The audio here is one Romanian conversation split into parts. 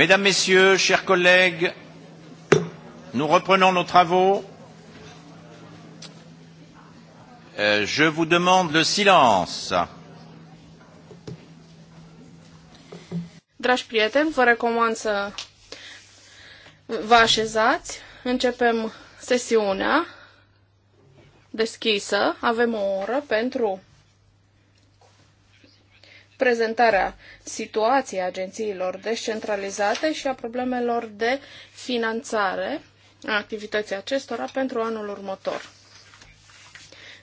Mesdames, Messieurs, chers collègues, nous reprenons nos travaux. Euh, je vous demande le silence. Dragi prieteni, vă recomand să vă așezați. Începem sesiunea deschisă. Avem o oră pentru prezentarea situației agențiilor descentralizate și a problemelor de finanțare a activității acestora pentru anul următor.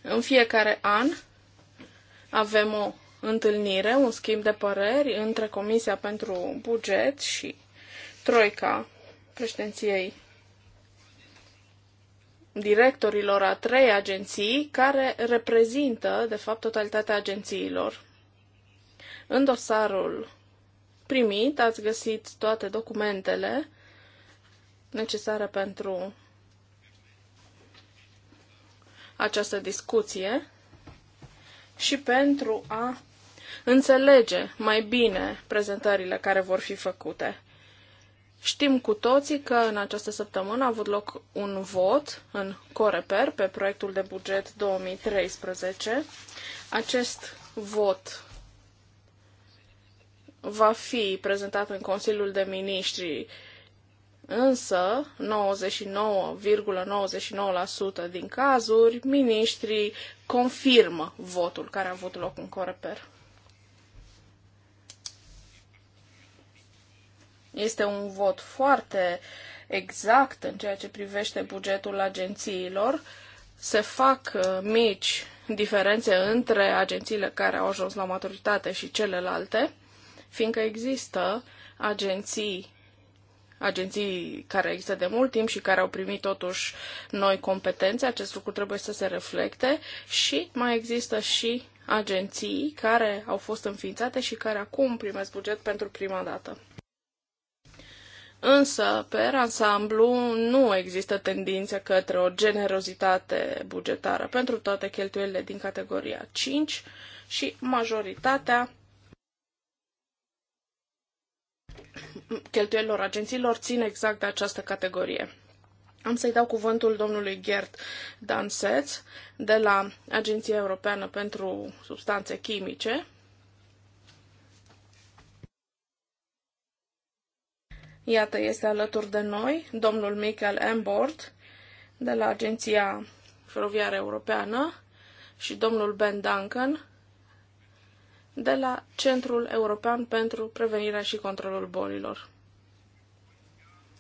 În fiecare an avem o întâlnire, un schimb de păreri între Comisia pentru Buget și Troica președinției directorilor a trei agenții care reprezintă, de fapt, totalitatea agențiilor în dosarul primit ați găsit toate documentele necesare pentru această discuție și pentru a înțelege mai bine prezentările care vor fi făcute. Știm cu toții că în această săptămână a avut loc un vot în Coreper pe proiectul de buget 2013. Acest vot va fi prezentat în Consiliul de Ministri, însă 99,99% ,99 din cazuri, ministrii confirmă votul care a avut loc în Coreper. Este un vot foarte exact în ceea ce privește bugetul agențiilor. Se fac uh, mici diferențe între agențiile care au ajuns la maturitate și celelalte fiindcă există agenții agenții care există de mult timp și care au primit totuși noi competențe, acest lucru trebuie să se reflecte și mai există și agenții care au fost înființate și care acum primesc buget pentru prima dată. Însă, pe ansamblu, nu există tendință către o generozitate bugetară pentru toate cheltuielile din categoria 5 și majoritatea cheltuielilor agențiilor țin exact de această categorie. Am să-i dau cuvântul domnului Gert Danseț de la Agenția Europeană pentru Substanțe Chimice. Iată, este alături de noi domnul Michael Embord de la Agenția Feroviară Europeană și domnul Ben Duncan de la Centrul European pentru Prevenirea și Controlul Bolilor.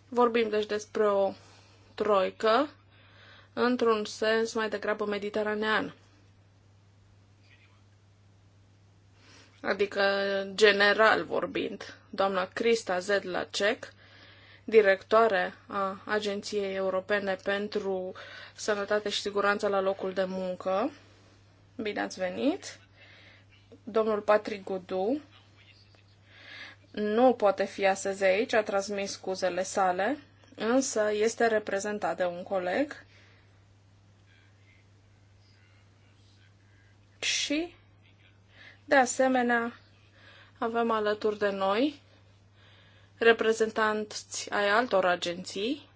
Vorbim deci despre o troică, într-un sens mai degrabă mediteranean. Adică general vorbind, doamna Crista Zedlacek, directoare a Agenției Europene pentru Sănătate și Siguranță la locul de muncă. Bine ați venit! Domnul Patrick Gudu nu poate fi astăzi aici, a transmis scuzele sale, însă este reprezentat de un coleg și, de asemenea, avem alături de noi reprezentanți ai altor agenții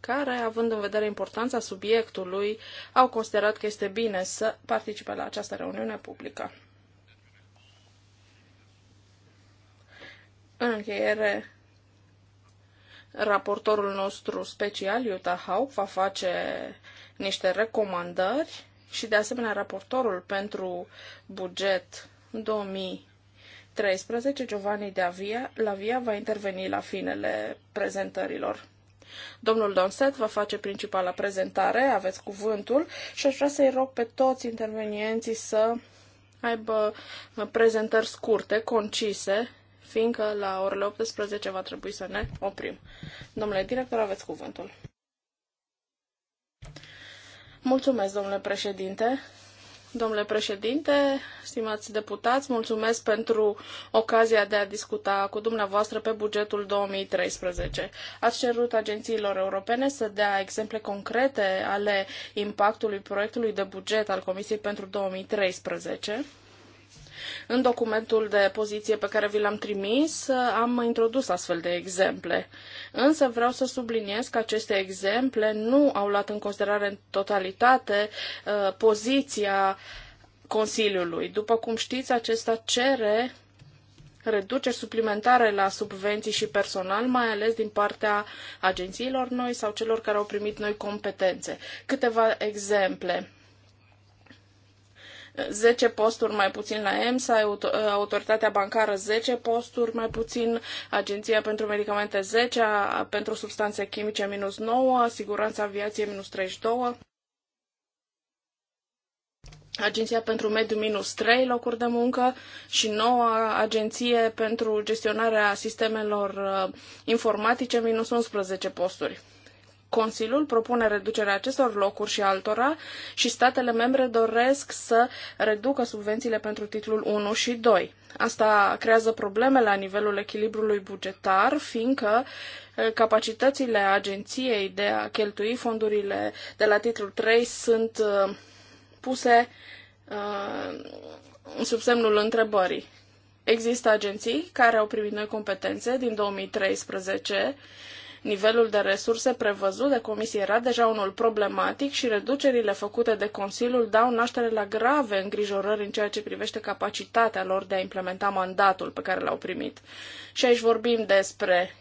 care, având în vedere importanța subiectului, au considerat că este bine să participe la această reuniune publică. În încheiere, raportorul nostru special, Iuta Hauk, va face niște recomandări și, de asemenea, raportorul pentru buget 2013, Giovanni de Avia, la Via, va interveni la finele prezentărilor. Domnul Donset va face principala prezentare, aveți cuvântul și aș vrea să-i rog pe toți intervenienții să aibă prezentări scurte, concise, fiindcă la orele 18 va trebui să ne oprim. Domnule director, aveți cuvântul. Mulțumesc, domnule președinte. Domnule președinte, stimați deputați, mulțumesc pentru ocazia de a discuta cu dumneavoastră pe bugetul 2013. Ați cerut agențiilor europene să dea exemple concrete ale impactului proiectului de buget al Comisiei pentru 2013 în documentul de poziție pe care vi l-am trimis am introdus astfel de exemple. Însă vreau să subliniez că aceste exemple nu au luat în considerare în totalitate uh, poziția Consiliului. După cum știți, acesta cere reduceri suplimentare la subvenții și personal, mai ales din partea agențiilor noi sau celor care au primit noi competențe. Câteva exemple. 10 posturi mai puțin la EMSA, Autoritatea Bancară 10 posturi mai puțin, Agenția pentru Medicamente 10, pentru substanțe chimice minus 9, Siguranța Aviației minus 32. Agenția pentru Mediu minus 3 locuri de muncă și noua agenție pentru gestionarea sistemelor uh, informatice minus 11 posturi. Consiliul propune reducerea acestor locuri și altora și statele membre doresc să reducă subvențiile pentru titlul 1 și 2. Asta creează probleme la nivelul echilibrului bugetar, fiindcă eh, capacitățile agenției de a cheltui fondurile de la titlul 3 sunt eh, puse eh, sub semnul întrebării. Există agenții care au primit noi competențe din 2013 Nivelul de resurse prevăzut de Comisie era deja unul problematic și reducerile făcute de Consiliul dau naștere la grave îngrijorări în ceea ce privește capacitatea lor de a implementa mandatul pe care l-au primit. Și aici vorbim despre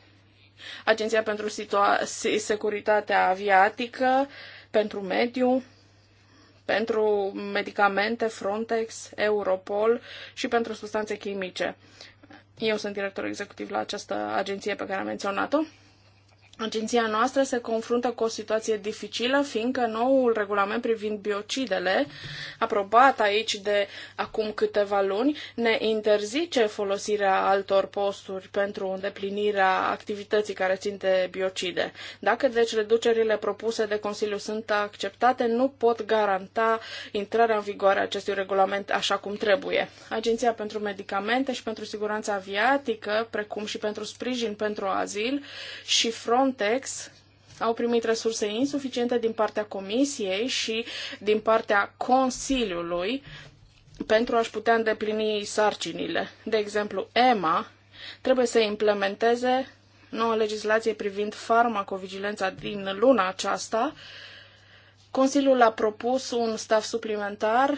Agenția pentru Situa- Securitatea Aviatică, pentru mediu, pentru medicamente, Frontex, Europol și pentru substanțe chimice. Eu sunt director executiv la această agenție pe care am menționat-o Agenția noastră se confruntă cu o situație dificilă, fiindcă noul regulament privind biocidele, aprobat aici de acum câteva luni, ne interzice folosirea altor posturi pentru îndeplinirea activității care țin de biocide. Dacă deci reducerile propuse de Consiliu sunt acceptate, nu pot garanta intrarea în vigoare a acestui regulament așa cum trebuie. Agenția pentru Medicamente și pentru Siguranța Aviatică, precum și pentru Sprijin pentru Azil și Front Frontex au primit resurse insuficiente din partea Comisiei și din partea Consiliului pentru a-și putea îndeplini sarcinile. De exemplu, EMA trebuie să implementeze noua legislație privind farmacovigilența din luna aceasta. Consiliul a propus un staff suplimentar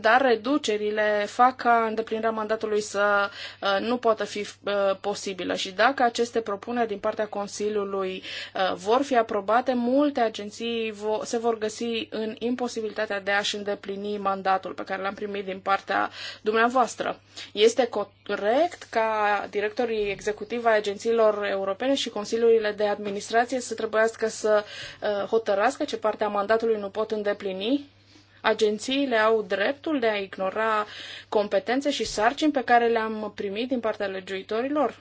dar reducerile fac ca îndeplinirea mandatului să uh, nu poată fi uh, posibilă și dacă aceste propuneri din partea Consiliului uh, vor fi aprobate, multe agenții se vor găsi în imposibilitatea de a-și îndeplini mandatul pe care l-am primit din partea dumneavoastră. Este corect ca directorii executivi ai agențiilor europene și consiliurile de administrație să trebuiască să hotărască ce parte a mandatului nu pot îndeplini? Agențiile au dreptul de a ignora competențe și sarcini pe care le-am primit din partea legiuitorilor?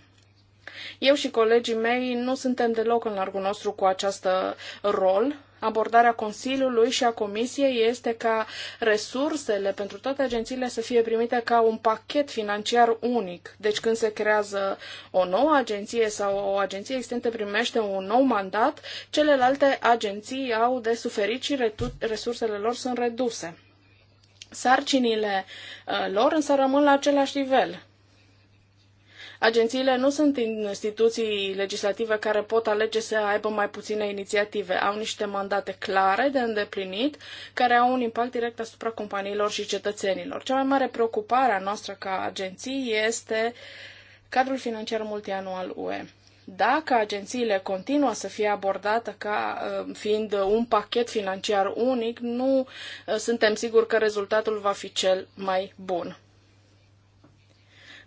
Eu și colegii mei nu suntem deloc în largul nostru cu acest rol Abordarea Consiliului și a Comisiei este ca resursele pentru toate agențiile să fie primite ca un pachet financiar unic. Deci când se creează o nouă agenție sau o agenție existentă primește un nou mandat, celelalte agenții au de suferit și resursele lor sunt reduse sarcinile uh, lor însă rămân la același nivel. Agențiile nu sunt instituții legislative care pot alege să aibă mai puține inițiative. Au niște mandate clare de îndeplinit, care au un impact direct asupra companiilor și cetățenilor. Cea mai mare preocupare a noastră ca agenții este cadrul financiar multianual UE dacă agențiile continuă să fie abordate ca uh, fiind un pachet financiar unic, nu uh, suntem siguri că rezultatul va fi cel mai bun.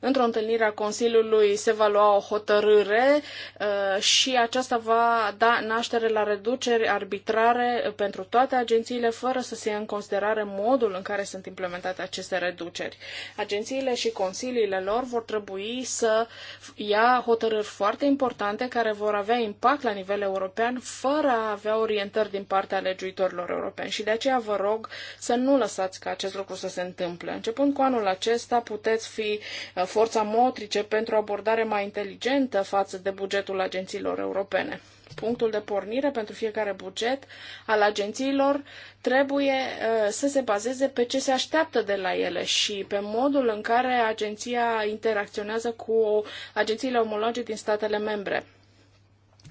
Într-o întâlnire a Consiliului se va lua o hotărâre uh, și aceasta va da naștere la reduceri arbitrare pentru toate agențiile, fără să se ia în considerare modul în care sunt implementate aceste reduceri. Agențiile și consiliile lor vor trebui să ia hotărâri foarte importante care vor avea impact la nivel european, fără a avea orientări din partea legiuitorilor europeni. Și de aceea vă rog să nu lăsați ca acest lucru să se întâmple. Începând cu anul acesta, puteți fi uh, forța motrice pentru o abordare mai inteligentă față de bugetul agențiilor europene. Punctul de pornire pentru fiecare buget al agențiilor trebuie uh, să se bazeze pe ce se așteaptă de la ele și pe modul în care agenția interacționează cu agențiile omologe din statele membre.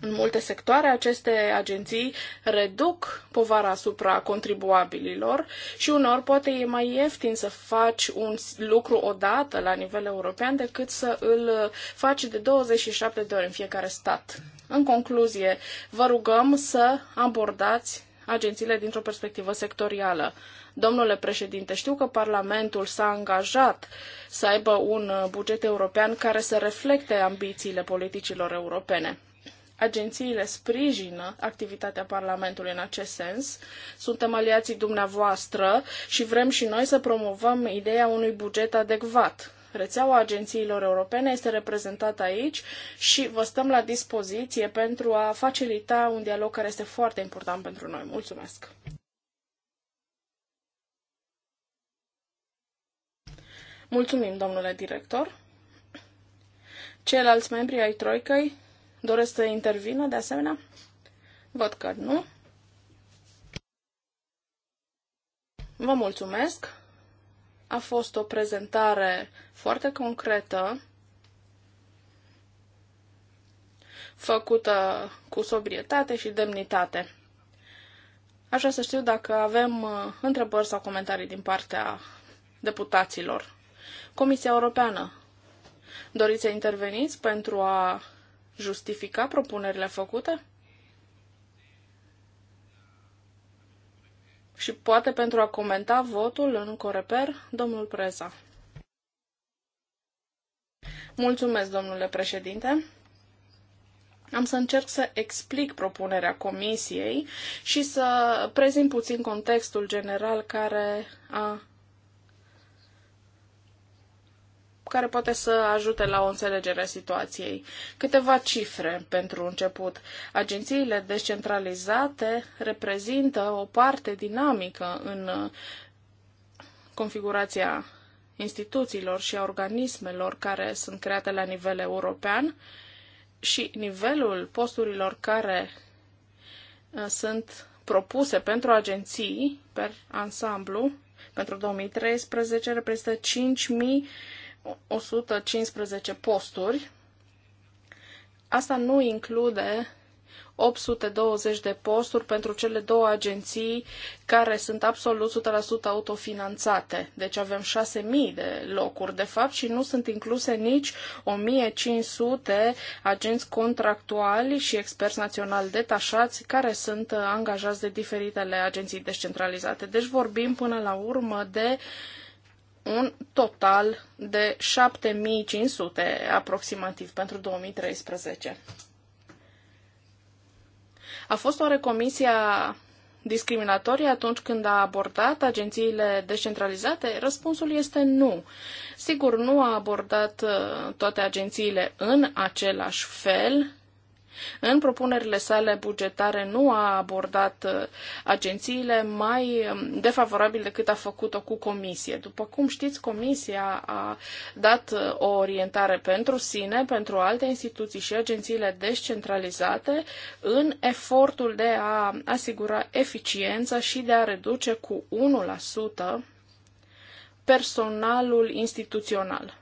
În multe sectoare, aceste agenții reduc povara asupra contribuabililor și unor poate e mai ieftin să faci un lucru odată la nivel european decât să îl faci de 27 de ori în fiecare stat. În concluzie, vă rugăm să abordați agențiile dintr-o perspectivă sectorială. Domnule președinte, știu că Parlamentul s-a angajat să aibă un buget european care să reflecte ambițiile politicilor europene. Agențiile sprijină activitatea Parlamentului în acest sens. Suntem aliații dumneavoastră și vrem și noi să promovăm ideea unui buget adecvat. Rețeaua agențiilor europene este reprezentată aici și vă stăm la dispoziție pentru a facilita un dialog care este foarte important pentru noi. Mulțumesc! Mulțumim, domnule director. Ceilalți membri ai Troicăi doresc să intervină de asemenea? Văd că nu. Vă mulțumesc. A fost o prezentare foarte concretă, făcută cu sobrietate și demnitate. Așa să știu dacă avem uh, întrebări sau comentarii din partea deputaților. Comisia Europeană, doriți să interveniți pentru a justifica propunerile făcute? Și poate pentru a comenta votul în Coreper, domnul Preza. Mulțumesc, domnule președinte. Am să încerc să explic propunerea comisiei și să prezint puțin contextul general care a care poate să ajute la o înțelegere a situației. Câteva cifre pentru început. Agențiile descentralizate reprezintă o parte dinamică în uh, configurația instituțiilor și a organismelor care sunt create la nivel european și nivelul posturilor care uh, sunt propuse pentru agenții, per ansamblu, pentru 2013 reprezintă 5.000 115 posturi. Asta nu include 820 de posturi pentru cele două agenții care sunt absolut 100% autofinanțate. Deci avem 6.000 de locuri, de fapt, și nu sunt incluse nici 1.500 agenți contractuali și experți naționali detașați care sunt angajați de diferitele agenții descentralizate. Deci vorbim până la urmă de uh, un total de 7500 aproximativ pentru 2013. A fost oare comisia discriminatorie atunci când a abordat agențiile descentralizate? Răspunsul este nu. Sigur, nu a abordat uh, toate agențiile în același fel, în propunerile sale bugetare nu a abordat uh, agențiile mai um, defavorabil decât a făcut-o cu comisie. După cum știți, comisia a dat uh, o orientare pentru sine, pentru alte instituții și agențiile descentralizate în efortul de a asigura eficiența și de a reduce cu 1% personalul instituțional.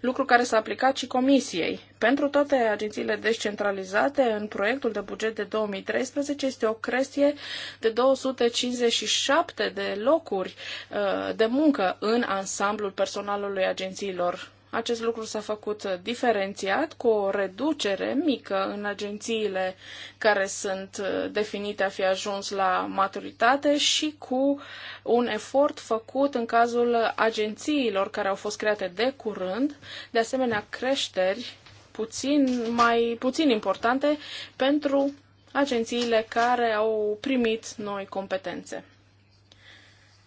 lucru care s-a aplicat și Comisiei. Pentru toate agențiile descentralizate, în proiectul de buget de 2013 este o creștere de 257 de locuri uh, de muncă în ansamblul personalului agențiilor acest lucru s-a făcut uh, diferențiat cu o reducere mică în agențiile care sunt uh, definite a fi ajuns la maturitate și cu un efort făcut în cazul agențiilor care au fost create de curând, de asemenea creșteri puțin mai puțin importante pentru agențiile care au primit noi competențe.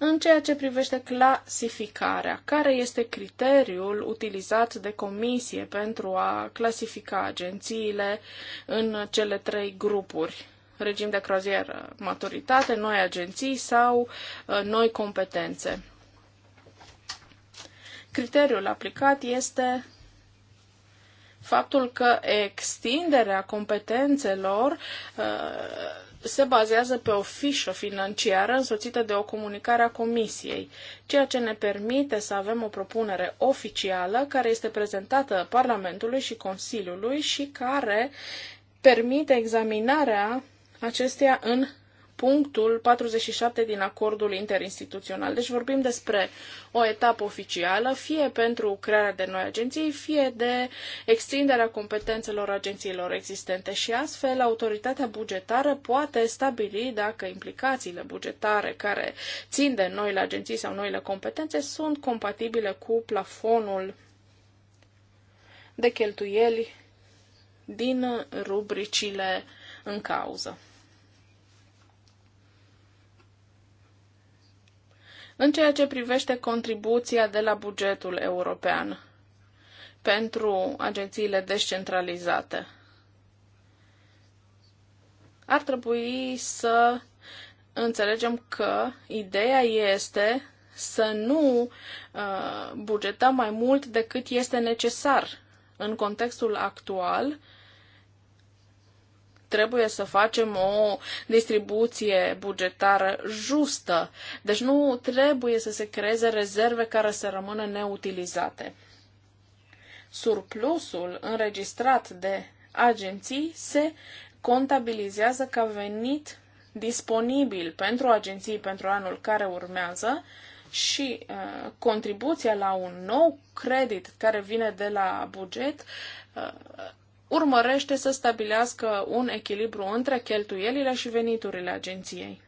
În ceea ce privește clasificarea, care este criteriul utilizat de comisie pentru a clasifica agențiile în cele trei grupuri? Regim de croazieră, maturitate, noi agenții sau uh, noi competențe? Criteriul aplicat este faptul că extinderea competențelor uh, se bazează pe o fișă financiară însoțită de o comunicare a Comisiei, ceea ce ne permite să avem o propunere oficială care este prezentată Parlamentului și Consiliului și care permite examinarea acesteia în punctul 47 din acordul interinstituțional. Deci vorbim despre o etapă oficială, fie pentru crearea de noi agenții, fie de extinderea competențelor agențiilor existente și astfel autoritatea bugetară poate stabili dacă implicațiile bugetare care țin de noile agenții sau noile competențe sunt compatibile cu plafonul de cheltuieli din rubricile în cauză. În ceea ce privește contribuția de la bugetul european pentru agențiile descentralizate, ar trebui să înțelegem că ideea este să nu uh, bugetăm mai mult decât este necesar. În contextul actual, trebuie să facem o distribuție bugetară justă. Deci nu trebuie să se creeze rezerve care să rămână neutilizate. Surplusul înregistrat de agenții se contabilizează ca venit disponibil pentru agenții pentru anul care urmează și uh, contribuția la un nou credit care vine de la buget uh, urmărește să stabilească un echilibru între cheltuielile și veniturile agenției.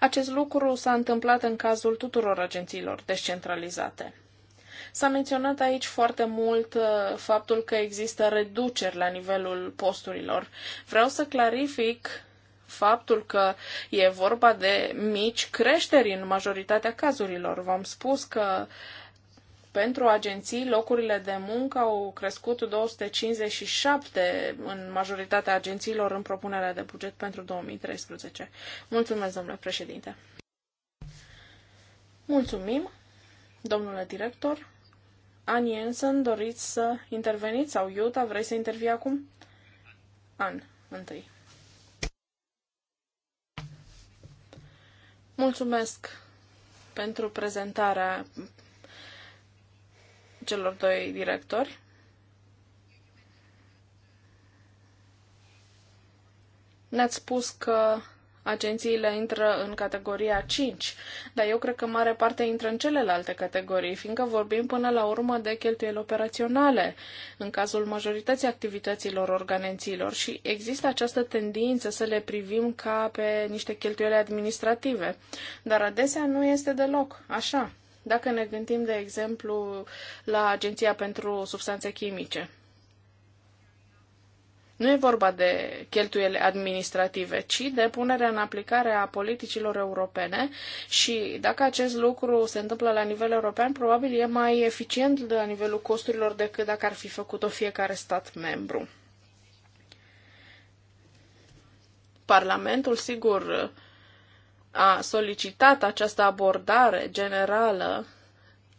Acest lucru s-a întâmplat în cazul tuturor agențiilor descentralizate. S-a menționat aici foarte mult uh, faptul că există reduceri la nivelul posturilor. Vreau să clarific faptul că e vorba de mici creșteri în majoritatea cazurilor. V-am spus că uh, pentru agenții, locurile de muncă au crescut 257 în majoritatea agențiilor în propunerea de buget pentru 2013. Mulțumesc, domnule președinte. Mulțumim, domnule director. An Jensen, doriți să interveniți sau Iuta, vrei să intervii acum? An, întâi. Mulțumesc pentru prezentarea celor doi directori. Ne-ați spus că agențiile intră în categoria 5, dar eu cred că mare parte intră în celelalte categorii, fiindcă vorbim până la urmă de cheltuieli operaționale, în cazul majorității activităților organizațiilor și există această tendință să le privim ca pe niște cheltuieli administrative, dar adesea nu este deloc așa. Dacă ne gândim, de exemplu, la Agenția pentru Substanțe Chimice, nu e vorba de cheltuiele administrative, ci de punerea în aplicare a politicilor europene și dacă acest lucru se întâmplă la nivel european, probabil e mai eficient la nivelul costurilor decât dacă ar fi făcut-o fiecare stat membru. Parlamentul, sigur, a solicitat această abordare generală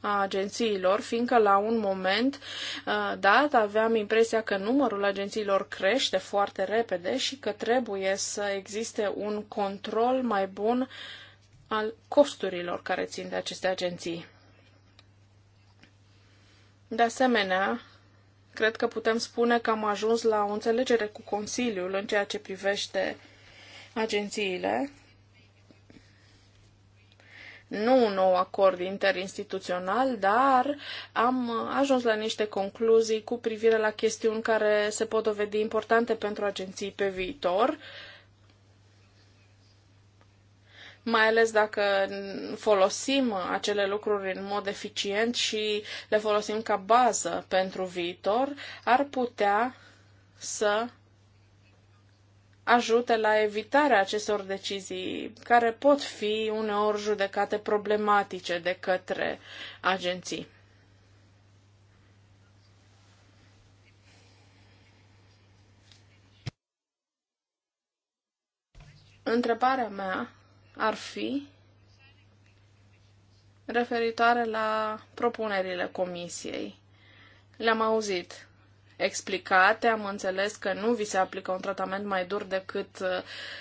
a agențiilor, fiindcă la un moment uh, dat aveam impresia că numărul agențiilor crește foarte repede și că trebuie să existe un control mai bun al costurilor care țin de aceste agenții. De asemenea, cred că putem spune că am ajuns la o înțelegere cu Consiliul în ceea ce privește agențiile nu un nou acord interinstituțional, dar am ajuns la niște concluzii cu privire la chestiuni care se pot dovedi importante pentru agenții pe viitor mai ales dacă folosim acele lucruri în mod eficient și le folosim ca bază pentru viitor, ar putea să ajute la evitarea acestor decizii care pot fi uneori judecate problematice de către agenții. Întrebarea mea ar fi referitoare la propunerile comisiei. Le-am auzit explicate. Am înțeles că nu vi se aplică un tratament mai dur decât uh,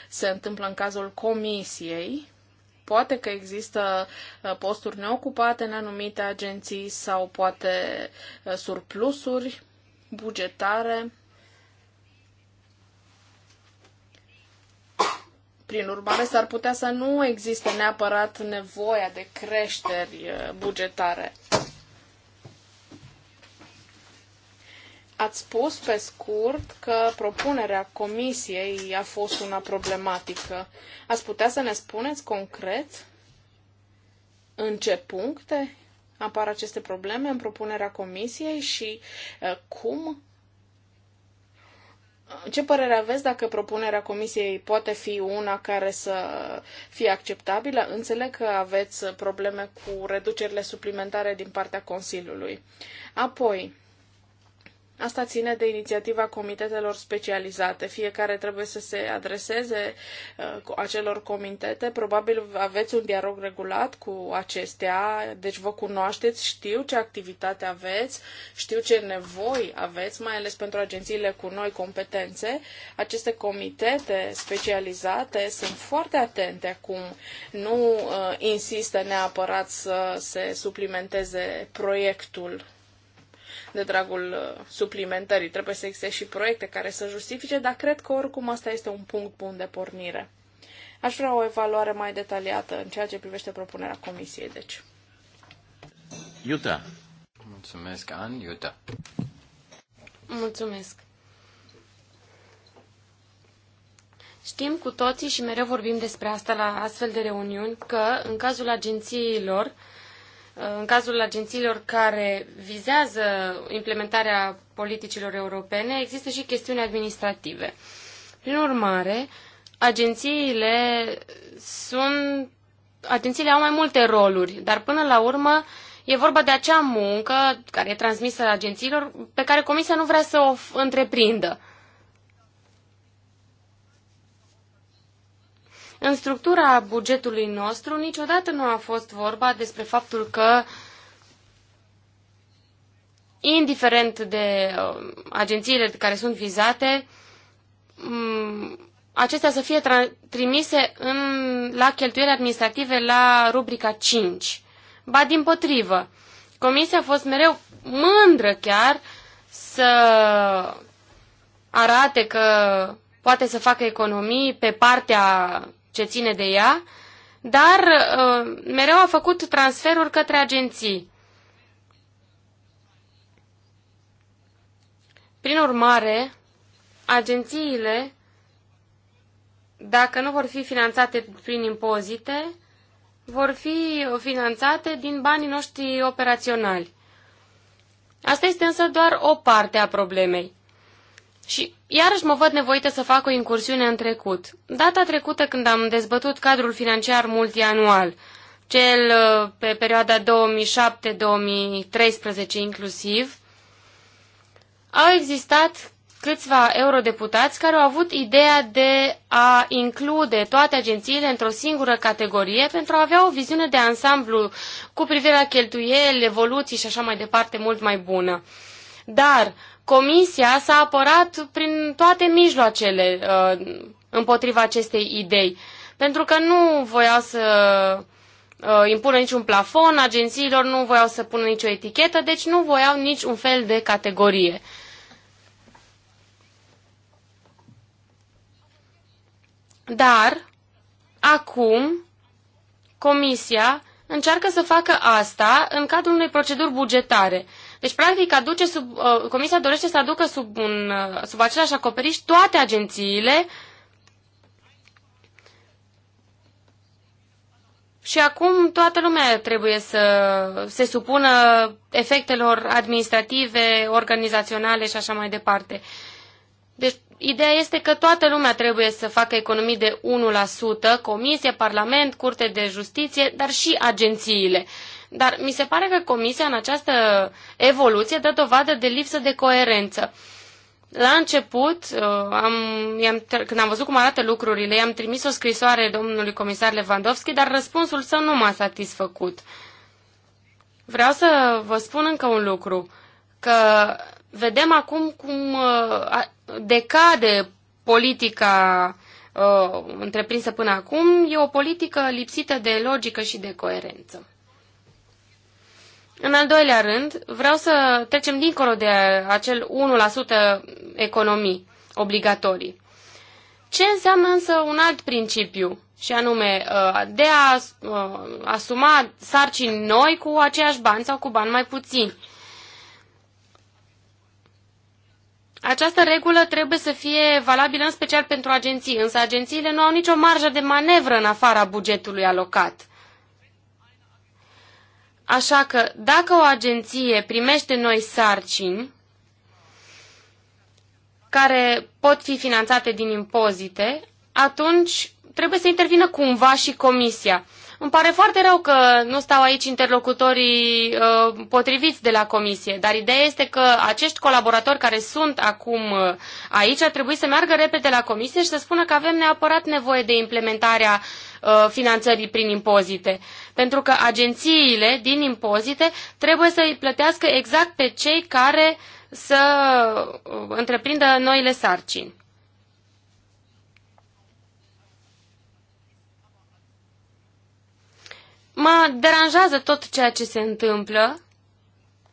se întâmplă în cazul comisiei. Poate că există uh, posturi neocupate în anumite agenții sau poate uh, surplusuri bugetare. Prin urmare, s-ar putea să nu existe neapărat nevoia de creșteri bugetare. Ați spus pe scurt că propunerea comisiei a fost una problematică. Ați putea să ne spuneți concret în ce puncte apar aceste probleme în propunerea comisiei și uh, cum? Ce părere aveți dacă propunerea comisiei poate fi una care să fie acceptabilă? Înțeleg că aveți probleme cu reducerile suplimentare din partea Consiliului. Apoi, Asta ține de inițiativa comitetelor specializate. Fiecare trebuie să se adreseze uh, acelor comitete. Probabil aveți un dialog regulat cu acestea, deci vă cunoașteți, știu ce activitate aveți, știu ce nevoi aveți, mai ales pentru agențiile cu noi competențe. Aceste comitete specializate sunt foarte atente acum. Nu uh, insistă neapărat să se suplimenteze proiectul de dragul uh, suplimentării. Trebuie să existe și proiecte care să justifice, dar cred că oricum asta este un punct bun de pornire. Aș vrea o evaluare mai detaliată în ceea ce privește propunerea comisiei, deci. Iuta. Mulțumesc, An. Iuta. Mulțumesc. Știm cu toții și mereu vorbim despre asta la astfel de reuniuni că, în cazul agențiilor, în cazul agențiilor care vizează implementarea politicilor europene, există și chestiuni administrative. Prin urmare, agențiile sunt agențiile au mai multe roluri, dar până la urmă e vorba de acea muncă care e transmisă agențiilor pe care comisia nu vrea să o întreprindă. În structura bugetului nostru niciodată nu a fost vorba despre faptul că indiferent de uh, agențiile care sunt vizate, mm, acestea să fie trimise în, la cheltuieli administrative la rubrica 5. Ba din potrivă, Comisia a fost mereu mândră chiar să arate că poate să facă economii pe partea ce ține de ea, dar uh, mereu a făcut transferuri către agenții. Prin urmare, agențiile, dacă nu vor fi finanțate prin impozite, vor fi finanțate din banii noștri operaționali. Asta este însă doar o parte a problemei. Și iarăși mă văd nevoită să fac o incursiune în trecut. Data trecută când am dezbătut cadrul financiar multianual, cel uh, pe perioada 2007-2013 inclusiv, au existat câțiva eurodeputați care au avut ideea de a include toate agențiile într-o singură categorie pentru a avea o viziune de ansamblu cu privire la cheltuieli, evoluții și așa mai departe mult mai bună. Dar Comisia s-a apărat prin toate mijloacele uh, împotriva acestei idei, pentru că nu voia să uh, impună niciun plafon agențiilor, nu voiau să pună nicio etichetă, deci nu voiau niciun fel de categorie. Dar, acum, Comisia încearcă să facă asta în cadrul unei proceduri bugetare. Deci, practic, aduce sub, uh, Comisia dorește să aducă sub, un, uh, sub același acoperiș toate agențiile și acum toată lumea trebuie să se supună efectelor administrative, organizaționale și așa mai departe. Deci, ideea este că toată lumea trebuie să facă economii de 1%, Comisie, Parlament, Curte de Justiție, dar și agențiile. Dar mi se pare că Comisia în această evoluție dă dovadă de lipsă de coerență. La început, uh, am, am când am văzut cum arată lucrurile, i-am trimis o scrisoare domnului comisar Lewandowski, dar răspunsul său nu m-a satisfăcut. Vreau să vă spun încă un lucru, că vedem acum cum uh, decade politica uh, întreprinsă până acum, e o politică lipsită de logică și de coerență. În al doilea rând, vreau să trecem dincolo de acel 1% economii obligatorii. Ce înseamnă însă un alt principiu, și anume uh, de a uh, asuma sarcini noi cu aceiași bani sau cu bani mai puțini? Această regulă trebuie să fie valabilă în special pentru agenții, însă agențiile nu au nicio marjă de manevră în afara bugetului alocat. Așa că dacă o agenție primește noi sarcini care pot fi finanțate din impozite, atunci trebuie să intervină cumva și comisia. Îmi pare foarte rău că nu stau aici interlocutorii uh, potriviți de la comisie, dar ideea este că acești colaboratori care sunt acum uh, aici ar trebui să meargă repede la comisie și să spună că avem neapărat nevoie de implementarea uh, Uh, finanțării prin impozite. Pentru că agențiile din impozite trebuie să îi plătească exact pe cei care să uh, întreprindă noile sarcini. Mă deranjează tot ceea ce se întâmplă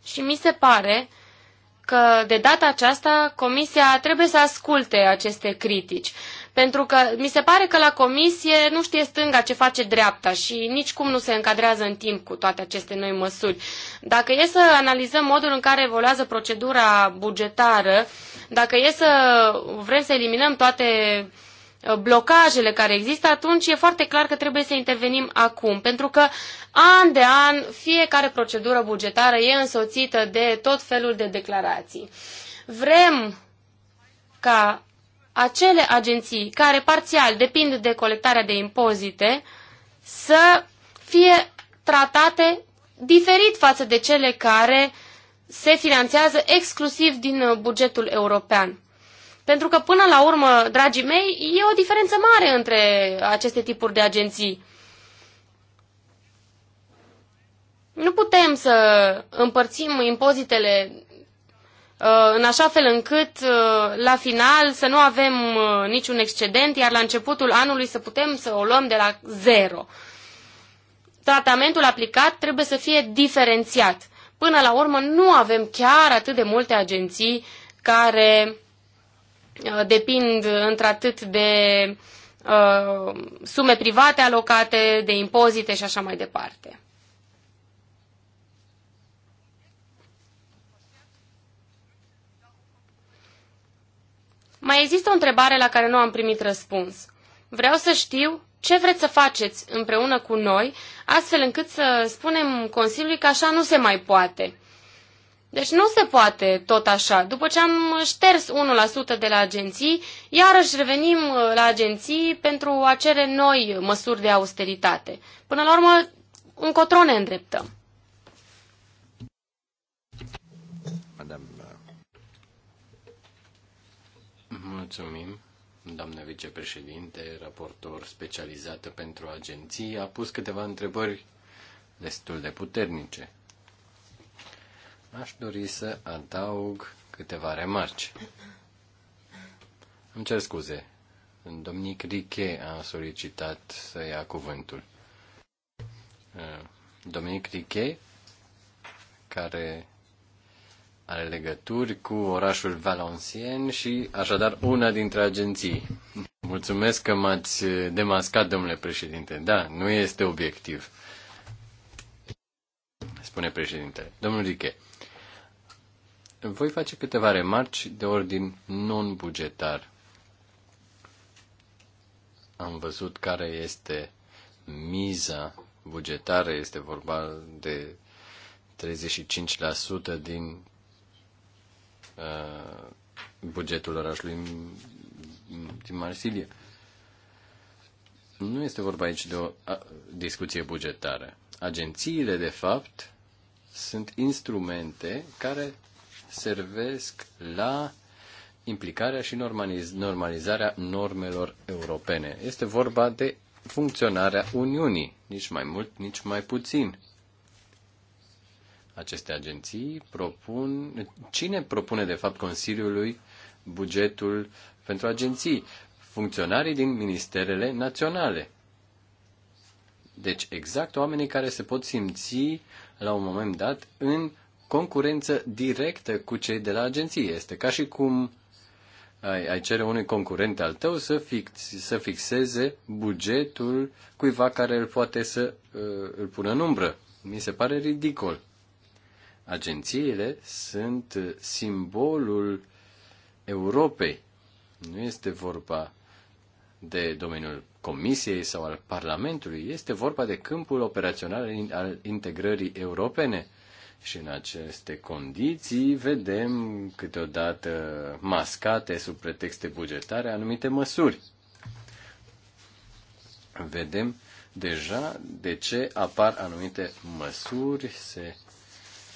și mi se pare că de data aceasta Comisia trebuie să asculte aceste critici. Pentru că mi se pare că la comisie nu știe stânga ce face dreapta și nici cum nu se încadrează în timp cu toate aceste noi măsuri. Dacă e să analizăm modul în care evoluează procedura bugetară, dacă e să vrem să eliminăm toate uh, blocajele care există, atunci e foarte clar că trebuie să intervenim acum, pentru că an de an fiecare procedură bugetară e însoțită de tot felul de declarații. Vrem ca acele agenții care parțial depind de colectarea de impozite să fie tratate diferit față de cele care se finanțează exclusiv din uh, bugetul european. Pentru că, până la urmă, dragii mei, e o diferență mare între aceste tipuri de agenții. Nu putem să împărțim impozitele Uh, în așa fel încât uh, la final să nu avem uh, niciun excedent, iar la începutul anului să putem să o luăm de la zero. Tratamentul aplicat trebuie să fie diferențiat. Până la urmă nu avem chiar atât de multe agenții care depind într-atât de uh, sume private alocate, de impozite și așa mai departe. Mai există o întrebare la care nu am primit răspuns. Vreau să știu ce vreți să faceți împreună cu noi, astfel încât să spunem Consiliului că așa nu se mai poate. Deci nu se poate tot așa. După ce am șters 1% de la agenții, iarăși revenim uh, la agenții pentru a cere noi măsuri de austeritate. Până la urmă, încotro ne îndreptăm. Mulțumim, doamnă vicepreședinte, raportor specializată pentru agenții, a pus câteva întrebări destul de puternice. Aș dori să adaug câteva remarci. Îmi cer scuze. Domnic Riche a solicitat să ia cuvântul. Uh, Domnic Riche, care are legături cu orașul Valenciennes și așadar una dintre agenții. Mulțumesc că m-ați demascat, domnule președinte. Da, nu este obiectiv. Spune președintele. Domnul Riche, voi face câteva remarci de ordin non-bugetar. Am văzut care este miza bugetară, este vorba de 35% din Uh, bugetul orașului din Marsilia. Nu este vorba aici de o discuție bugetară. Agențiile, de fapt, sunt instrumente care servesc la implicarea și normaliz- normalizarea normelor europene. Este vorba de funcționarea Uniunii, nici mai mult, nici mai puțin aceste agenții propun, cine propune de fapt Consiliului bugetul pentru agenții? Funcționarii din ministerele naționale. Deci exact oamenii care se pot simți la un moment dat în concurență directă cu cei de la agenții. Este ca și cum ai, ai cere unui concurent al tău să, fix, să fixeze bugetul cuiva care îl poate să uh, îl pună în umbră. Mi se pare ridicol. Agențiile sunt simbolul Europei. Nu este vorba de domeniul Comisiei sau al Parlamentului, este vorba de câmpul operațional al integrării europene. Și în aceste condiții vedem câteodată mascate sub pretexte bugetare anumite măsuri. Vedem deja de ce apar anumite măsuri, se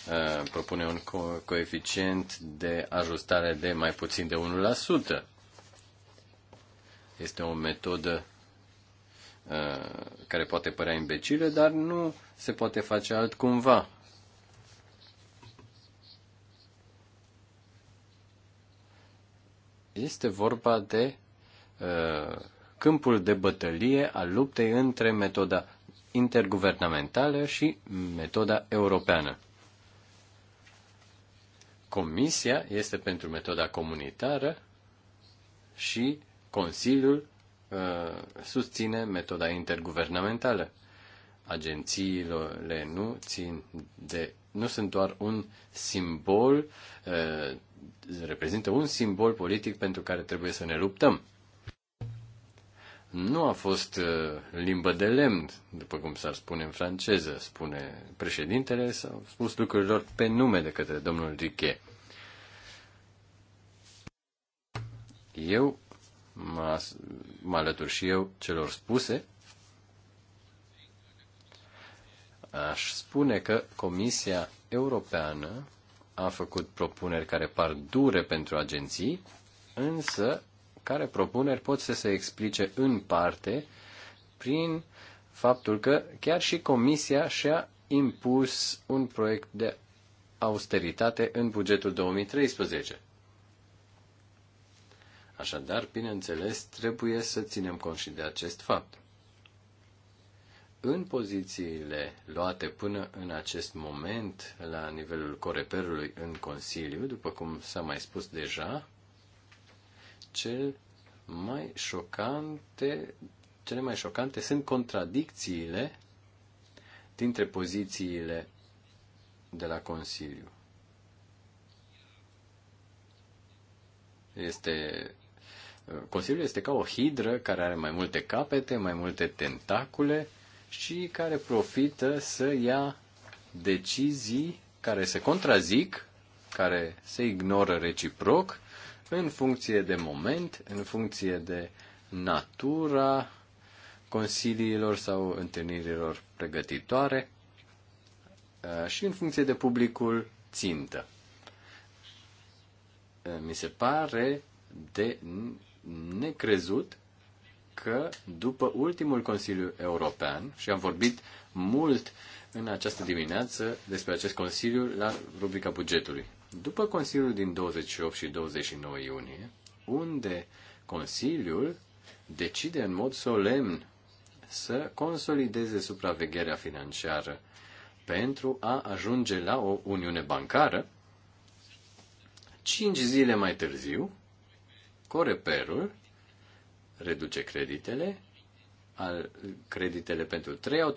Uh, propune un co- coeficient de ajustare de mai puțin de 1%. Este o metodă uh, care poate părea imbecilă, dar nu se poate face altcumva. Este vorba de uh, câmpul de bătălie al luptei între metoda interguvernamentală și metoda europeană. Comisia este pentru metoda comunitară și Consiliul uh, susține metoda interguvernamentală. Agențiile nu țin de nu sunt doar un simbol, uh, reprezintă un simbol politic pentru care trebuie să ne luptăm nu a fost uh, limbă de lemn, după cum s-ar spune în franceză, spune președintele, s-au spus lucrurilor pe nume de către domnul Riquet. Eu mă, mă alătur și eu celor spuse, aș spune că Comisia Europeană a făcut propuneri care par dure pentru agenții, însă care propuneri pot să se explice în parte prin faptul că chiar și Comisia și-a impus un proiect de austeritate în bugetul 2013. Așadar, bineînțeles, trebuie să ținem cont și de acest fapt. În pozițiile luate până în acest moment la nivelul coreperului în Consiliu, după cum s-a mai spus deja, cel mai șocante, cele mai șocante sunt contradicțiile dintre pozițiile de la Consiliu. Este, Consiliul este ca o hidră care are mai multe capete, mai multe tentacule și care profită să ia decizii care se contrazic, care se ignoră reciproc în funcție de moment, în funcție de natura consiliilor sau întâlnirilor pregătitoare uh, și în funcție de publicul țintă. Uh, mi se pare de necrezut că după ultimul Consiliu European, și am vorbit mult în această dimineață despre acest Consiliu la rubrica bugetului, după Consiliul din 28 și 29 iunie, unde Consiliul decide în mod solemn să consolideze supravegherea financiară pentru a ajunge la o uniune bancară, cinci zile mai târziu, Coreperul reduce creditele, al creditele pentru trei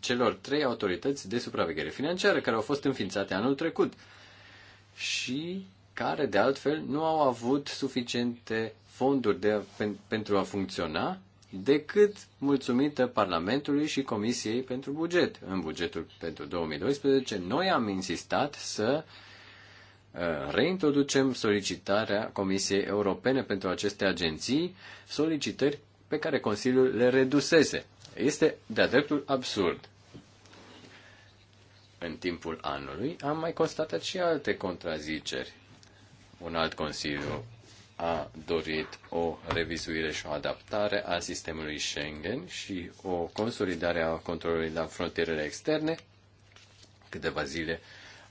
celor trei autorități de supraveghere financiară care au fost înființate anul trecut și care, de altfel, nu au avut suficiente fonduri de, pen, pentru a funcționa decât mulțumită Parlamentului și Comisiei pentru buget. În bugetul pentru 2012, noi am insistat să uh, reintroducem solicitarea Comisiei Europene pentru aceste agenții, solicitări pe care Consiliul le redusese. Este de-a dreptul absurd în timpul anului, am mai constatat și alte contraziceri. Un alt consiliu a dorit o revizuire și o adaptare a sistemului Schengen și o consolidare a controlului la frontierele externe. Câteva zile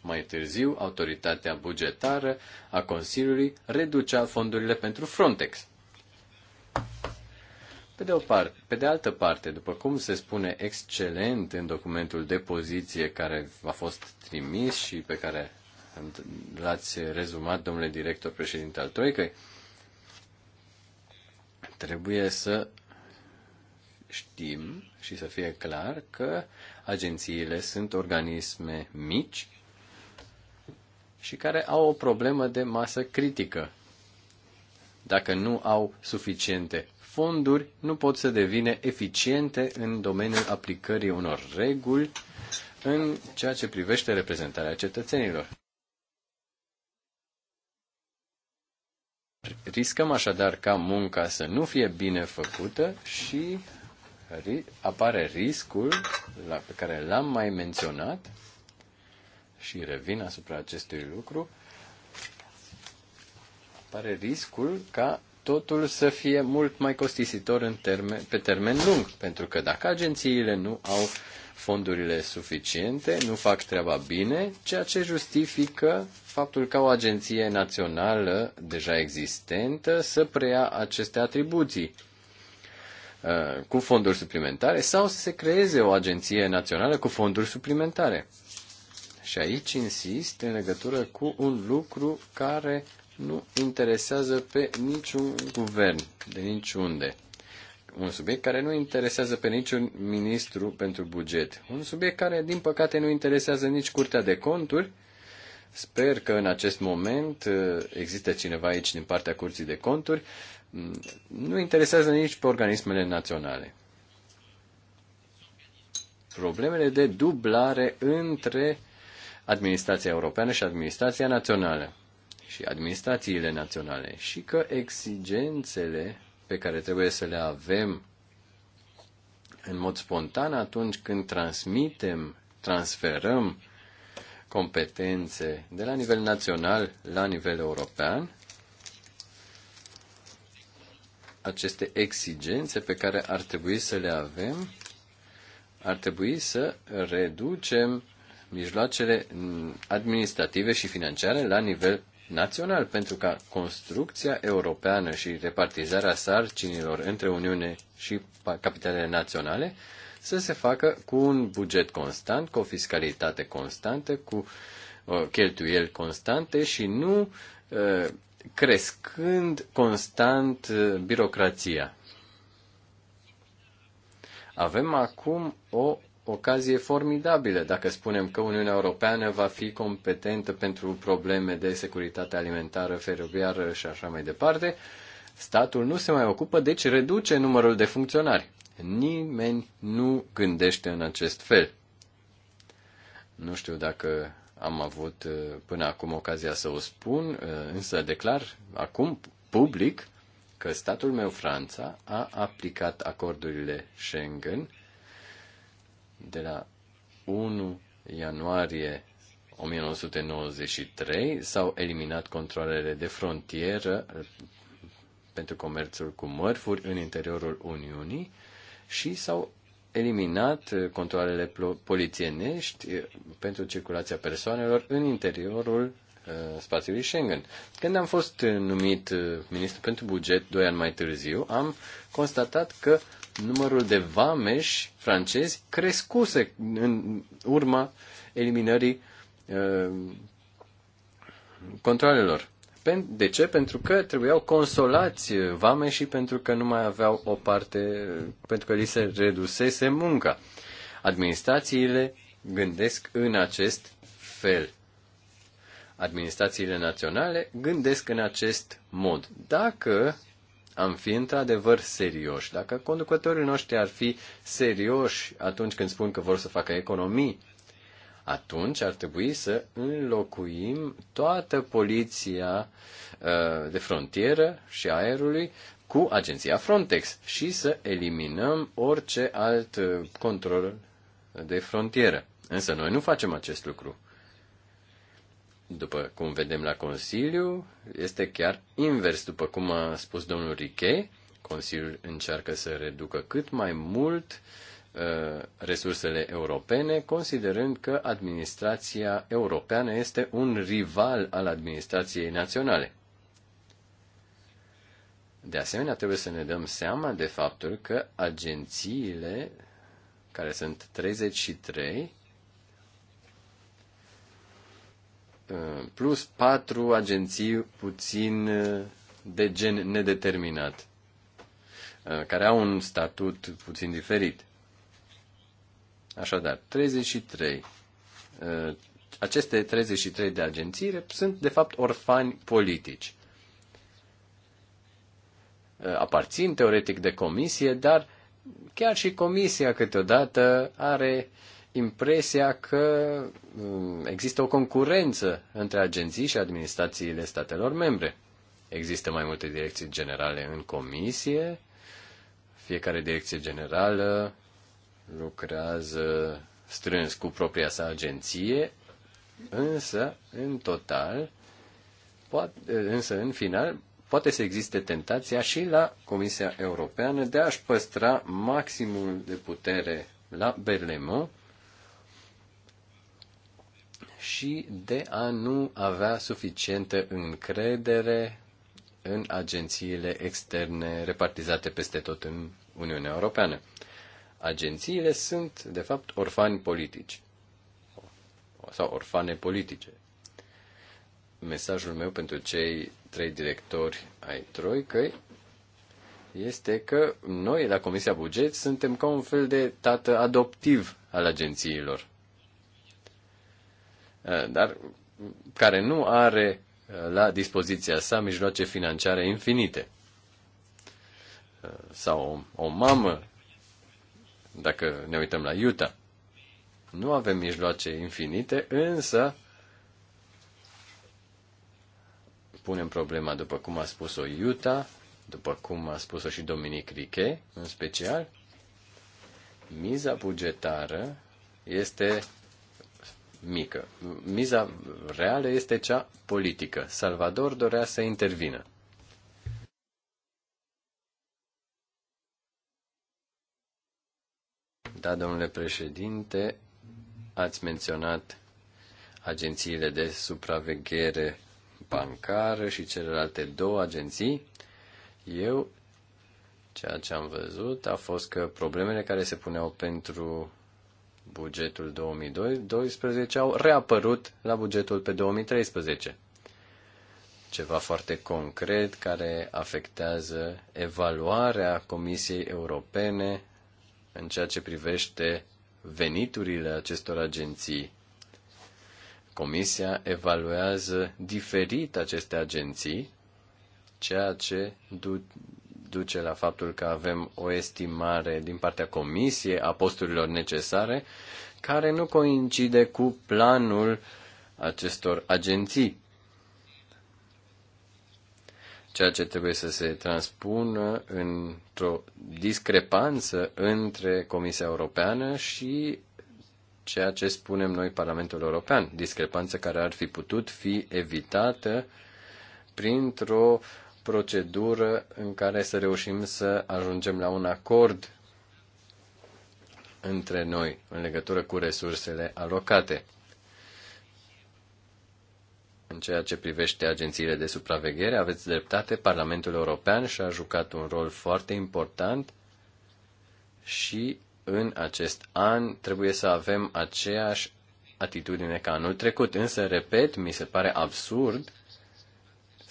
mai târziu, autoritatea bugetară a Consiliului reducea fondurile pentru Frontex. Pe de, o parte, pe de altă parte, după cum se spune excelent în documentul de poziție care a fost trimis și pe care l-ați rezumat, domnule director președinte al Troicăi, trebuie să știm și să fie clar că agențiile sunt organisme mici și care au o problemă de masă critică dacă nu au suficiente fonduri nu pot să devină eficiente în domeniul aplicării unor reguli în ceea ce privește reprezentarea cetățenilor. Riscăm așadar ca munca să nu fie bine făcută și apare riscul la, pe care l-am mai menționat și revin asupra acestui lucru, apare riscul ca totul să fie mult mai costisitor în termen, pe termen lung, pentru că dacă agențiile nu au fondurile suficiente, nu fac treaba bine, ceea ce justifică faptul ca o agenție națională deja existentă să preia aceste atribuții uh, cu fonduri suplimentare sau să se creeze o agenție națională cu fonduri suplimentare. Și aici insist în legătură cu un lucru care nu interesează pe niciun guvern, de niciunde. Un subiect care nu interesează pe niciun ministru pentru buget. Un subiect care, din păcate, nu interesează nici Curtea de Conturi. Sper că în acest moment uh, există cineva aici din partea Curții de Conturi. Mm, nu interesează nici pe organismele naționale. Problemele de dublare între administrația europeană și administrația națională și administrațiile naționale și că exigențele pe care trebuie să le avem în mod spontan atunci când transmitem, transferăm competențe de la nivel național la nivel european, aceste exigențe pe care ar trebui să le avem, ar trebui să reducem mijloacele administrative și financiare la nivel național, pentru ca construcția europeană și repartizarea sarcinilor între Uniune și capitalele naționale să se facă cu un buget constant, cu o fiscalitate constantă, cu uh, cheltuieli constante și nu uh, crescând constant uh, birocrația. Avem acum o ocazie formidabilă dacă spunem că Uniunea Europeană va fi competentă pentru probleme de securitate alimentară, feroviară și așa mai departe. Statul nu se mai ocupă, deci reduce numărul de funcționari. Nimeni nu gândește în acest fel. Nu știu dacă am avut uh, până acum ocazia să o spun, uh, însă declar acum public că statul meu, Franța, a aplicat acordurile Schengen de la 1 ianuarie 1993 s-au eliminat controlele de frontieră uh, pentru comerțul cu mărfuri în interiorul Uniunii și s-au eliminat uh, controlele polițienești uh, pentru circulația persoanelor în interiorul spațiului Schengen. Când am fost numit ministru pentru buget doi ani mai târziu, am constatat că numărul de vameși francezi crescuse în urma eliminării uh, controlelor. De ce? Pentru că trebuiau consolați uh, vame și pentru că nu mai aveau o parte, uh, pentru că li se redusese munca. Administrațiile gândesc în acest fel. Administrațiile naționale gândesc în acest mod. Dacă am fi într-adevăr serioși. Dacă conducătorii noștri ar fi serioși atunci când spun că vor să facă economii, atunci ar trebui să înlocuim toată poliția uh, de frontieră și aerului cu agenția Frontex și să eliminăm orice alt uh, control de frontieră. Însă noi nu facem acest lucru. După cum vedem la Consiliu, este chiar invers, după cum a spus domnul Riche. Consiliul încearcă să reducă cât mai mult uh, resursele europene, considerând că administrația europeană este un rival al administrației naționale. De asemenea, trebuie să ne dăm seama de faptul că agențiile, care sunt 33, Uh, plus patru agenții puțin uh, de gen nedeterminat, uh, care au un statut puțin diferit. Așadar, 33. Aceste 33 de agenții sunt, de fapt, orfani politici. Aparțin teoretic de comisie, dar chiar și comisia câteodată are uh, impresia că um, există o concurență între agenții și administrațiile statelor membre. Există mai multe direcții generale în comisie, fiecare direcție generală lucrează strâns cu propria sa agenție, însă, în total, poate, însă, în final, poate să existe tentația și la Comisia Europeană de a-și păstra maximul de putere la Berlemont și de a nu avea suficientă încredere în agențiile externe repartizate peste tot în Uniunea Europeană. Agențiile sunt, de fapt, orfani politici sau orfane politice. Mesajul meu pentru cei trei directori ai Troicăi este că noi, la Comisia Buget, suntem ca un fel de tată adoptiv al agențiilor. Eh, dar care nu are eh, la dispoziția sa mijloace financiare infinite. Eh, sau o, o mamă, dacă ne uităm la Iuta nu avem mijloace infinite, însă punem problema, după cum a spus-o Iuta, după cum a spus-o și Dominic Riche, în special, miza bugetară este mică. Miza reală este cea politică. Salvador dorea să intervină. Da, domnule președinte, ați menționat agențiile de supraveghere bancară și celelalte două agenții. Eu, ceea ce am văzut a fost că problemele care se puneau pentru bugetul 2012 au reapărut la bugetul pe 2013. Ceva foarte concret care afectează evaluarea Comisiei Europene în ceea ce privește veniturile acestor agenții. Comisia evaluează diferit aceste agenții, ceea ce duce la faptul că avem o estimare din partea comisiei a posturilor necesare care nu coincide cu planul acestor agenții. Ceea ce trebuie să se transpună într-o discrepanță între Comisia Europeană și ceea ce spunem noi Parlamentul European, discrepanță care ar fi putut fi evitată printr-o procedură în care să reușim să ajungem la un acord între noi în legătură cu resursele alocate. În ceea ce privește agențiile de supraveghere, aveți dreptate, Parlamentul European și-a jucat un rol foarte important și în acest an trebuie să avem aceeași atitudine ca anul trecut. Însă, repet, mi se pare absurd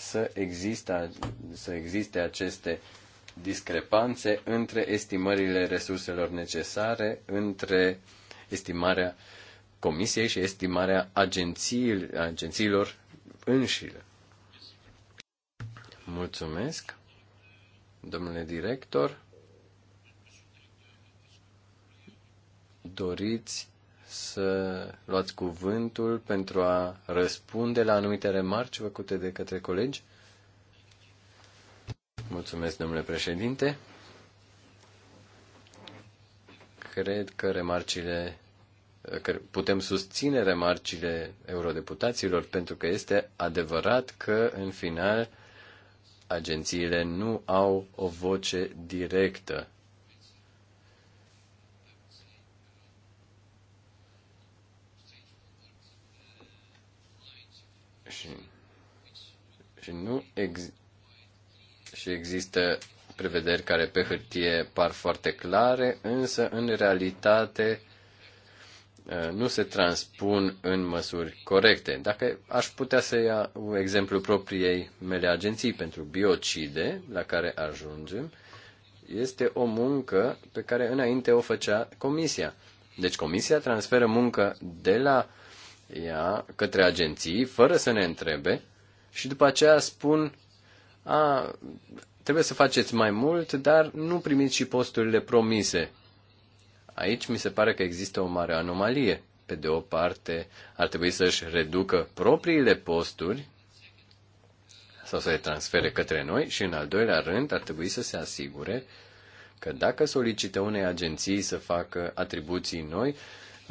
să, exista, să existe aceste discrepanțe între estimările resurselor necesare, între estimarea Comisiei și estimarea agenții, agențiilor înșile. Mulțumesc, domnule director. Doriți să luați cuvântul pentru a răspunde la anumite remarci făcute de către colegi. Mulțumesc, domnule președinte. Cred că remarcile că putem susține remarcile eurodeputaților pentru că este adevărat că în final agențiile nu au o voce directă Și nu ex- și există prevederi care pe hârtie par foarte clare, însă în realitate uh, nu se transpun în măsuri corecte. Dacă aș putea să iau exemplu propriei mele agenții pentru biocide, la care ajungem, este o muncă pe care înainte o făcea comisia. Deci comisia transferă muncă de la ea către agenții, fără să ne întrebe, și după aceea spun, a, trebuie să faceți mai mult, dar nu primiți și posturile promise. Aici mi se pare că există o mare anomalie. Pe de o parte, ar trebui să-și reducă propriile posturi sau să le transfere către noi și, în al doilea rând, ar trebui să se asigure că dacă solicită unei agenții să facă atribuții noi,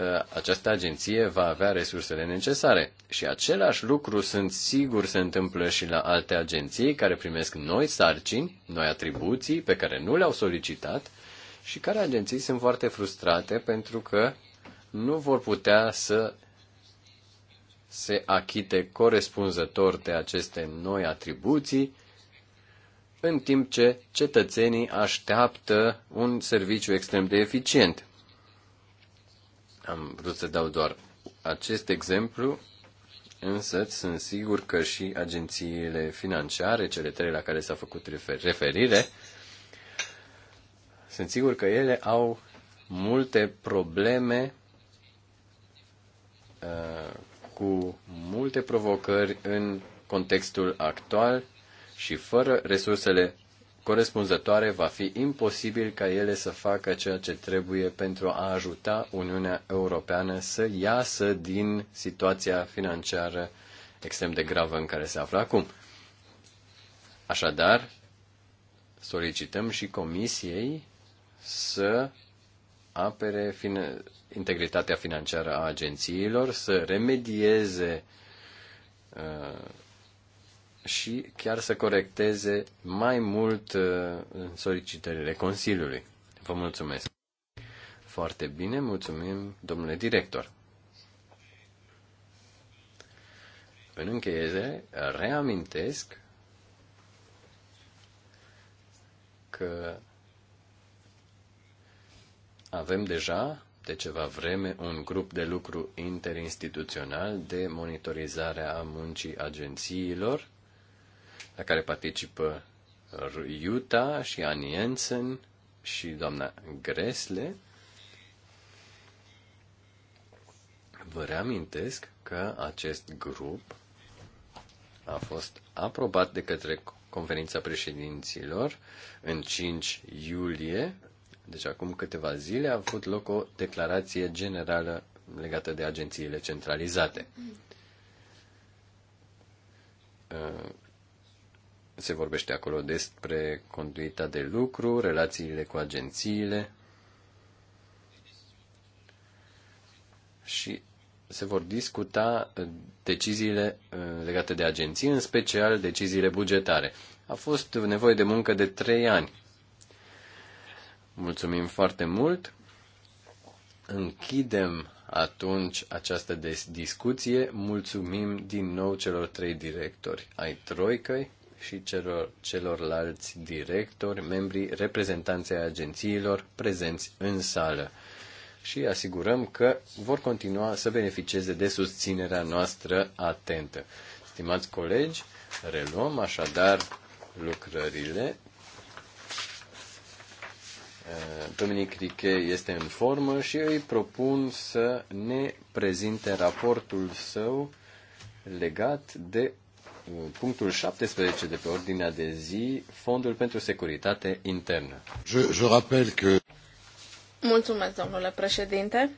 Uh, această agenție va avea resursele necesare. Și același lucru sunt sigur se întâmplă și la alte agenții care primesc noi sarcini, noi atribuții pe care nu le-au solicitat și care agenții sunt foarte frustrate pentru că nu vor putea să se achite corespunzător de aceste noi atribuții, în timp ce cetățenii așteaptă un serviciu extrem de eficient. Am vrut să dau doar acest exemplu, însă sunt sigur că și agențiile financiare, cele trei la care s-a făcut referire, sunt sigur că ele au multe probleme uh, cu multe provocări în contextul actual și fără resursele corespunzătoare, va fi imposibil ca ele să facă ceea ce trebuie pentru a ajuta Uniunea Europeană să iasă din situația financiară extrem de gravă în care se află acum. Așadar, solicităm și Comisiei să apere fin- integritatea financiară a agențiilor, să remedieze uh, și chiar să corecteze mai mult uh, solicitările Consiliului. Vă mulțumesc. Foarte bine, mulțumim, domnule director. În încheiere, reamintesc că avem deja de ceva vreme un grup de lucru interinstituțional de monitorizare a muncii agențiilor la care participă Iuta și Aniensen Jensen și doamna Gresle. Vă reamintesc că acest grup a fost aprobat de către conferința președinților în 5 iulie. Deci acum câteva zile a avut loc o declarație generală legată de agențiile centralizate. Mm. Uh, se vorbește acolo despre conduita de lucru, relațiile cu agențiile și se vor discuta uh, deciziile uh, legate de agenții, în special deciziile bugetare. A fost nevoie de muncă de trei ani. Mulțumim foarte mult. Închidem atunci această discuție. Mulțumim din nou celor trei directori ai Troicăi și celor, celorlalți directori, membrii, reprezentanții agențiilor prezenți în sală și asigurăm că vor continua să beneficieze de susținerea noastră atentă. Stimați colegi, reluăm așadar lucrările. Dominic Riche este în formă și îi propun să ne prezinte raportul său legat de punctul 17 de pe ordinea de zi, Fondul pentru Securitate Internă. Je, je rappelle que... Mulțumesc, domnule președinte.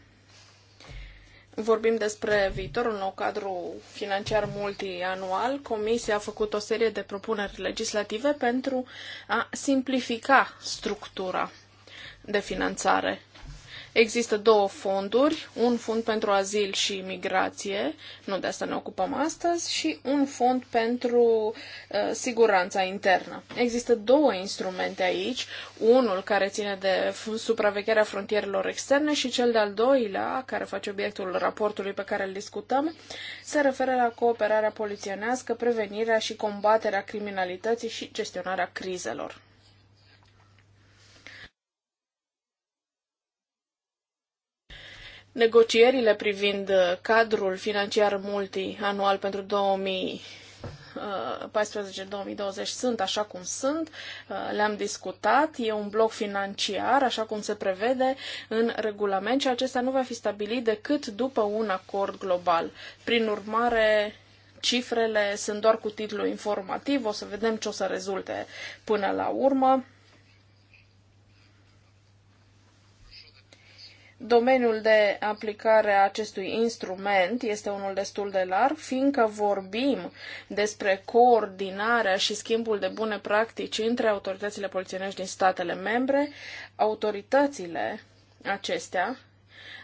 Vorbim despre viitorul nou cadru financiar multianual. Comisia a făcut o serie de propuneri legislative pentru a simplifica structura de finanțare Există două fonduri, un fond pentru azil și migrație, nu de asta ne ocupăm astăzi, și un fond pentru uh, siguranța internă. Există două instrumente aici, unul care ține de supravegherea frontierelor externe și cel de-al doilea, care face obiectul raportului pe care îl discutăm, se referă la cooperarea polițienească, prevenirea și combaterea criminalității și gestionarea crizelor. Negocierile privind uh, cadrul financiar multianual pentru 2000 14-2020 uh, sunt așa cum sunt, uh, le-am discutat, e un bloc financiar, așa cum se prevede în regulament și acesta nu va fi stabilit decât după un acord global. Prin urmare, cifrele sunt doar cu titlu informativ, o să vedem ce o să rezulte până la urmă. Domeniul de aplicare a acestui instrument este unul destul de larg, fiindcă vorbim despre coordinarea și schimbul de bune practici între autoritățile polițienești din statele membre. Autoritățile acestea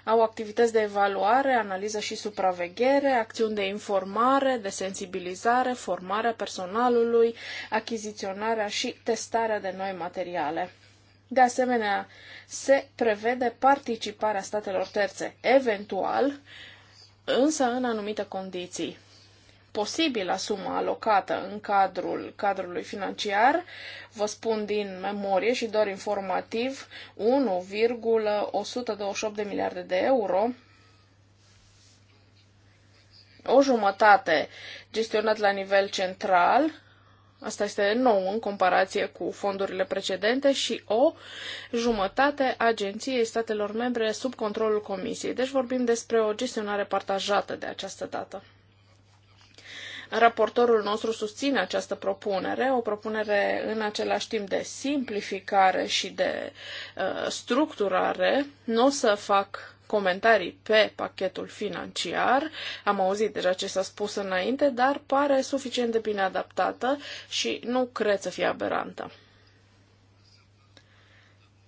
au activități de evaluare, analiză și supraveghere, acțiuni de informare, de sensibilizare, formarea personalului, achiziționarea și testarea de noi materiale. De asemenea, se prevede participarea statelor terțe, eventual, însă în anumite condiții. Posibilă sumă alocată în cadrul cadrului financiar, vă spun din memorie și doar informativ, 1,128 de miliarde de euro, o jumătate gestionat la nivel central, Asta este nou în comparație cu fondurile precedente și o jumătate agenției statelor membre sub controlul Comisiei. Deci vorbim despre o gestionare partajată de această dată. Raportorul nostru susține această propunere, o propunere în același timp de simplificare și de uh, structurare. Nu o să fac comentarii pe pachetul financiar. Am auzit deja ce s-a spus înainte, dar pare suficient de bine adaptată și nu cred să fie aberantă.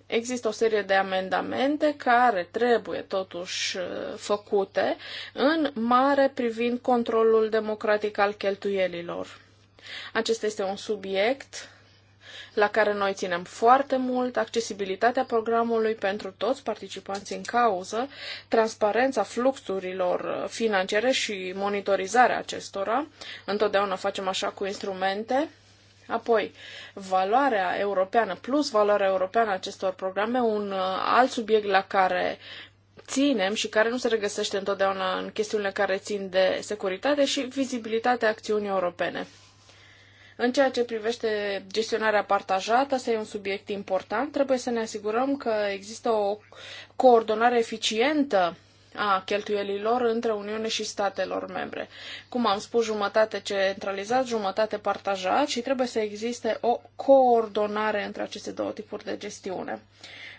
Există o serie de amendamente care trebuie totuși uh, făcute, în mare privind controlul democratic al cheltuielilor. Acesta este un subiect la care noi ținem foarte mult, accesibilitatea programului pentru toți participanții în cauză, transparența fluxurilor financiare și monitorizarea acestora. Întotdeauna facem așa cu instrumente Apoi, valoarea europeană plus valoarea europeană acestor programe, un uh, alt subiect la care ținem și care nu se regăsește întotdeauna în chestiunile care țin de securitate și vizibilitatea acțiunii europene. În ceea ce privește gestionarea partajată, asta e un subiect important, trebuie să ne asigurăm că există o coordonare eficientă a cheltuielilor între Uniune și statelor membre. Cum am spus, jumătate centralizat, jumătate partajat și trebuie să existe o coordonare între aceste două tipuri de gestiune.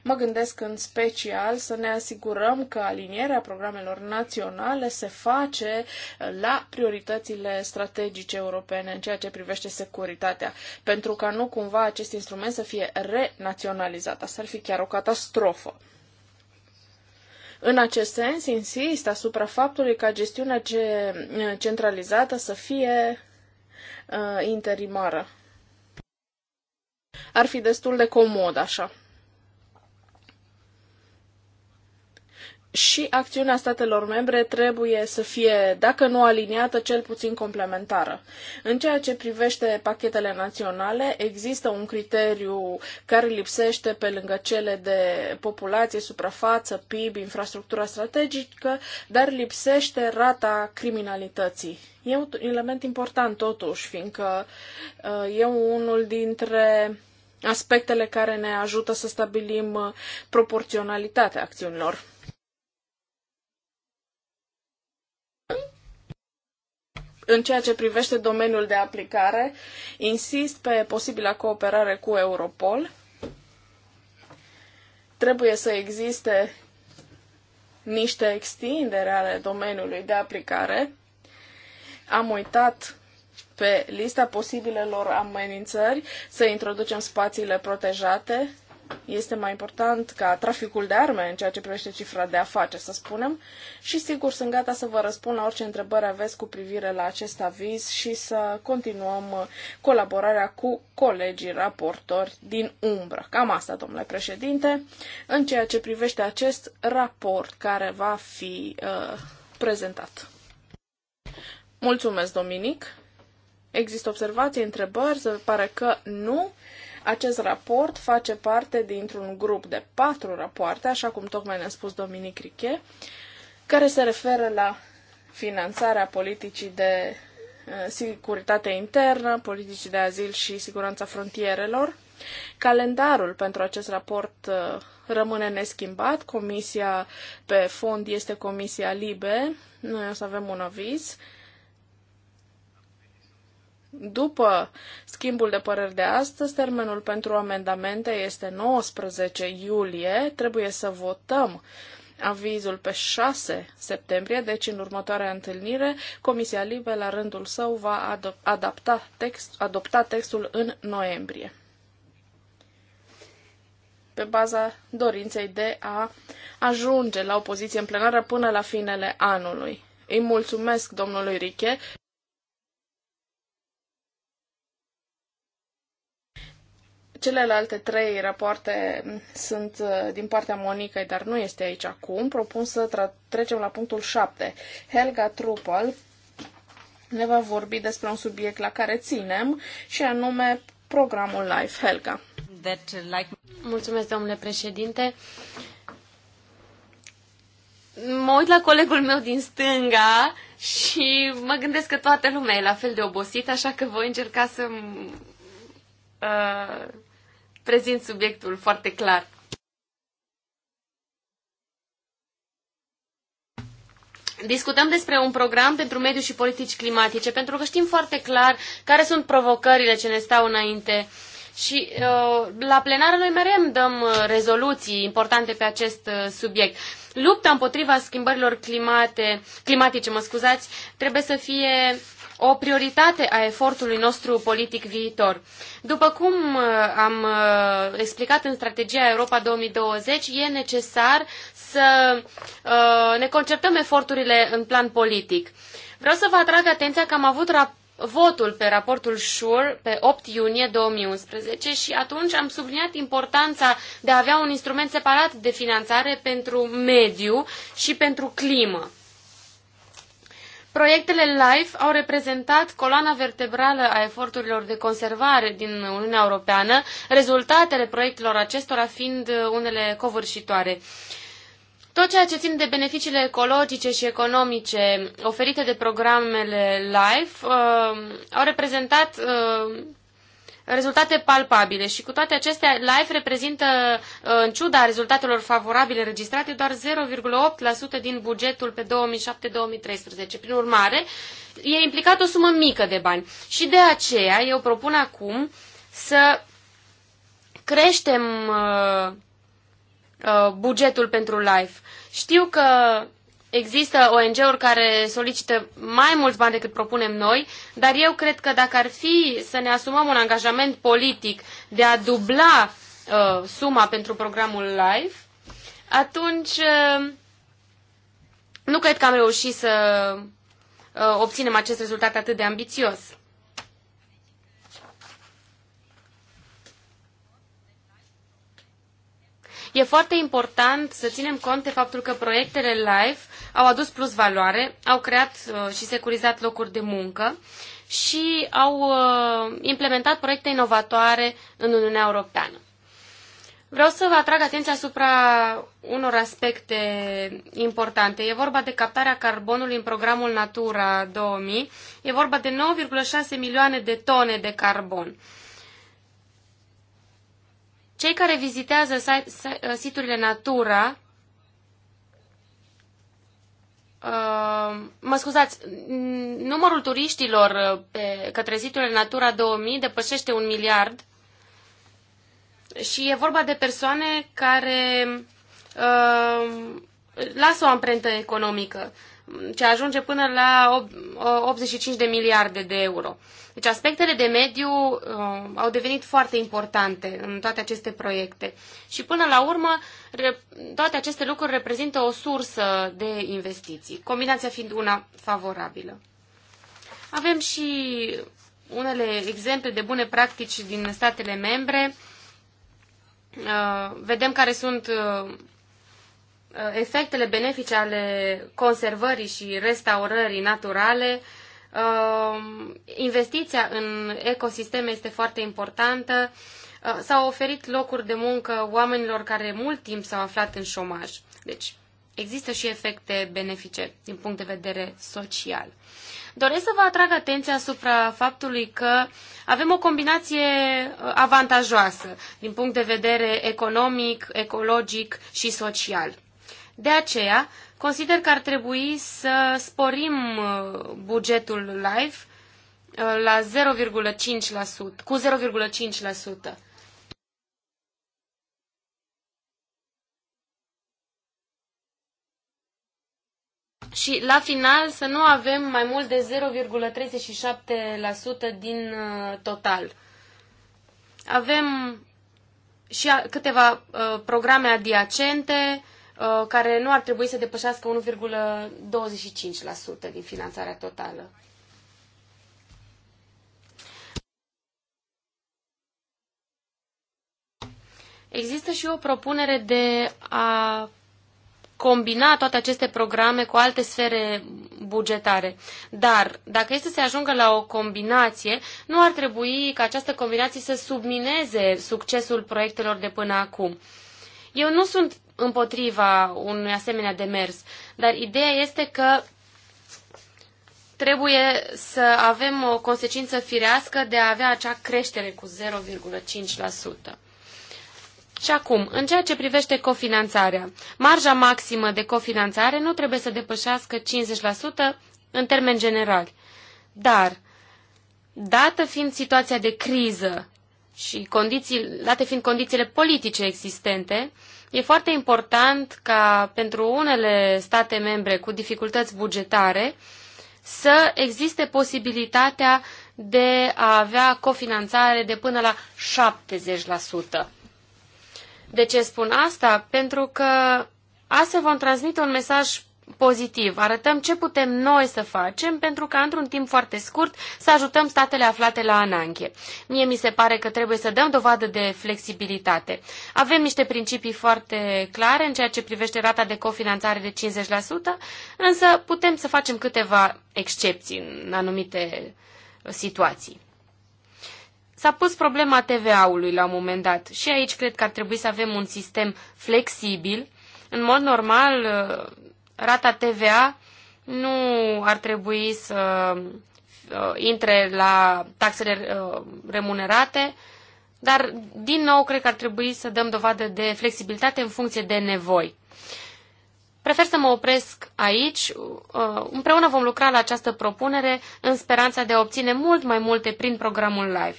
Mă gândesc în special să ne asigurăm că alinierea programelor naționale se face uh, la prioritățile strategice europene în ceea ce privește securitatea, pentru ca nu cumva acest instrument să fie renaționalizat. Asta ar fi chiar o catastrofă. În acest sens, insist asupra faptului ca gestiunea uh, centralizată să fie uh, interimară. Ar fi destul de comod așa. și acțiunea statelor membre trebuie să fie, dacă nu aliniată, cel puțin complementară. În ceea ce privește pachetele naționale, există un criteriu care lipsește pe lângă cele de populație, suprafață, PIB, infrastructura strategică, dar lipsește rata criminalității. E un element important totuși, fiindcă uh, e unul dintre aspectele care ne ajută să stabilim uh, proporționalitatea acțiunilor. În ceea ce privește domeniul de aplicare, insist pe posibila cooperare cu Europol. Trebuie să existe niște extindere ale domeniului de aplicare. Am uitat pe lista posibilelor amenințări să introducem spațiile protejate, este mai important ca traficul de arme în ceea ce privește cifra de afaceri, să spunem, și sigur sunt gata să vă răspund la orice întrebări aveți cu privire la acest aviz și să continuăm colaborarea cu colegii raportori din umbră. Cam asta, domnule președinte, în ceea ce privește acest raport care va fi uh, prezentat. Mulțumesc, Dominic! Există observații, întrebări? Se pare că nu. Acest raport face parte dintr-un grup de patru rapoarte, așa cum tocmai ne-a spus Dominic Riche, care se referă la finanțarea politicii de eh, securitate internă, politicii de azil și siguranța frontierelor. Calendarul pentru acest raport eh, rămâne neschimbat. Comisia pe fond este Comisia Libe. Noi o să avem un aviz după schimbul de păreri de astăzi, termenul pentru amendamente este 19 iulie. Trebuie să votăm avizul pe 6 septembrie, deci în următoarea întâlnire, Comisia Libe la rândul său va adapta text, adopta textul în noiembrie pe baza dorinței de a ajunge la o poziție în plenară până la finele anului. Îi mulțumesc domnului Riche. Celelalte trei rapoarte sunt uh, din partea Monicăi, dar nu este aici acum. Propun să trecem la punctul 7. Helga Trupal ne va vorbi despre un subiect la care ținem și anume programul Life Helga. That, uh, like... Mulțumesc, domnule președinte. Mă uit la colegul meu din stânga și mă gândesc că toată lumea e la fel de obosită, așa că voi încerca să uh, prezint subiectul foarte clar. Discutăm despre un program pentru mediu și politici climatice, pentru că știm foarte clar care sunt provocările ce ne stau înainte. Și uh, la plenară noi mereu dăm uh, rezoluții importante pe acest uh, subiect. Lupta împotriva schimbărilor climate, climatice, mă scuzați, trebuie să fie o prioritate a efortului nostru politic viitor. După cum uh, am uh, explicat în strategia Europa 2020, e necesar să uh, ne concertăm eforturile în plan politic. Vreau să vă atrag atenția că am avut rap- votul pe raportul SURE pe 8 iunie 2011 și atunci am subliniat importanța de a avea un instrument separat de finanțare pentru mediu și pentru climă. Proiectele LIFE au reprezentat coloana vertebrală a eforturilor de conservare din Uniunea Europeană, rezultatele proiectelor acestora fiind unele covârșitoare. Tot ceea ce țin de beneficiile ecologice și economice oferite de programele LIFE uh, au reprezentat uh, rezultate palpabile și cu toate acestea LIFE reprezintă, uh, în ciuda rezultatelor favorabile înregistrate, doar 0,8% din bugetul pe 2007-2013. Prin urmare, e implicat o sumă mică de bani și de aceea eu propun acum să creștem uh, uh, bugetul pentru LIFE. Știu că Există ONG-uri care solicită mai mulți bani decât propunem noi, dar eu cred că dacă ar fi să ne asumăm un angajament politic de a dubla uh, suma pentru programul LIFE, atunci uh, nu cred că am reușit să uh, obținem acest rezultat atât de ambițios. E foarte important să ținem cont de faptul că proiectele LIFE au adus plus valoare, au creat uh, și securizat locuri de muncă și au uh, implementat proiecte inovatoare în Uniunea Europeană. Vreau să vă atrag atenția asupra unor aspecte importante. E vorba de captarea carbonului în programul Natura 2000. E vorba de 9,6 milioane de tone de carbon. Cei care vizitează siturile Natura Uh, mă scuzați, numărul turiștilor uh, pe, către siturile Natura 2000 depășește un miliard și e vorba de persoane care uh, lasă o amprentă economică ce ajunge până la 85 de miliarde de euro. Deci aspectele de mediu uh, au devenit foarte importante în toate aceste proiecte și până la urmă toate aceste lucruri reprezintă o sursă de investiții, combinația fiind una favorabilă. Avem și unele exemple de bune practici din statele membre. Uh, vedem care sunt uh, Uh, efectele benefice ale conservării și restaurării naturale. Um, investiția în ecosisteme este foarte importantă. Uh, s-au oferit locuri de muncă oamenilor care mult timp s-au aflat în șomaj. Deci, există și efecte benefice din punct de vedere social. Doresc să vă atrag atenția asupra faptului că avem o combinație uh, avantajoasă din punct de vedere economic, ecologic și social. De aceea, consider că ar trebui să sporim uh, bugetul live uh, la 0,5%, cu 0,5%. Și la final să nu avem mai mult de 0,37% din uh, total. Avem și câteva programe adiacente, Uh, care nu ar trebui să depășească 1,25% din finanțarea totală. Există și o propunere de a combina toate aceste programe cu alte sfere bugetare. Dar, dacă este să se ajungă la o combinație, nu ar trebui ca această combinație să submineze succesul proiectelor de până acum. Eu nu sunt împotriva unui asemenea demers. Dar ideea este că trebuie să avem o consecință firească de a avea acea creștere cu 0,5%. Și acum, în ceea ce privește cofinanțarea, marja maximă de cofinanțare nu trebuie să depășească 50% în termen general. Dar, dată fiind situația de criză și condiții, date fiind condițiile politice existente, e foarte important ca pentru unele state membre cu dificultăți bugetare să existe posibilitatea de a avea cofinanțare de până la 70%. De ce spun asta? Pentru că astfel vom transmite un mesaj pozitiv. Arătăm ce putem noi să facem pentru ca într-un timp foarte scurt să ajutăm statele aflate la ananche. Mie mi se pare că trebuie să dăm dovadă de flexibilitate. Avem niște principii foarte clare în ceea ce privește rata de cofinanțare de 50%, însă putem să facem câteva excepții în anumite situații. S-a pus problema TVA-ului la un moment dat și aici cred că ar trebui să avem un sistem flexibil. În mod normal, rata TVA nu ar trebui să uh, intre la taxele uh, remunerate, dar, din nou, cred că ar trebui să dăm dovadă de flexibilitate în funcție de nevoi. Prefer să mă opresc aici. Uh, împreună vom lucra la această propunere în speranța de a obține mult mai multe prin programul live.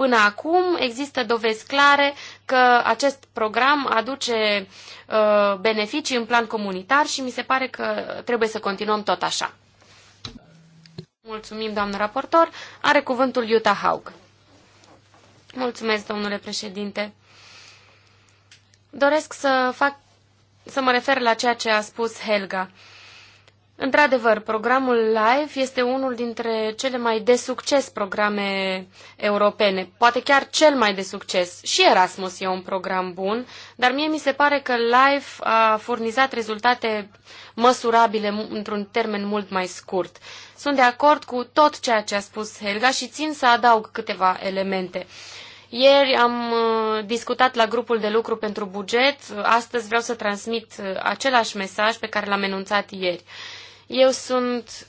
Până acum există dovezi clare că acest program aduce uh, beneficii în plan comunitar și mi se pare că trebuie să continuăm tot așa. Mulțumim, doamnă raportor. Are cuvântul Iuta Haug. Mulțumesc, domnule președinte. Doresc să fac să mă refer la ceea ce a spus Helga. Într-adevăr, programul LIFE este unul dintre cele mai de succes programe europene, poate chiar cel mai de succes. Și Erasmus e un program bun, dar mie mi se pare că LIFE a furnizat rezultate măsurabile într-un termen mult mai scurt. Sunt de acord cu tot ceea ce a spus Helga și țin să adaug câteva elemente. Ieri am uh, discutat la grupul de lucru pentru buget, astăzi vreau să transmit uh, același mesaj pe care l-am enunțat ieri. Eu sunt...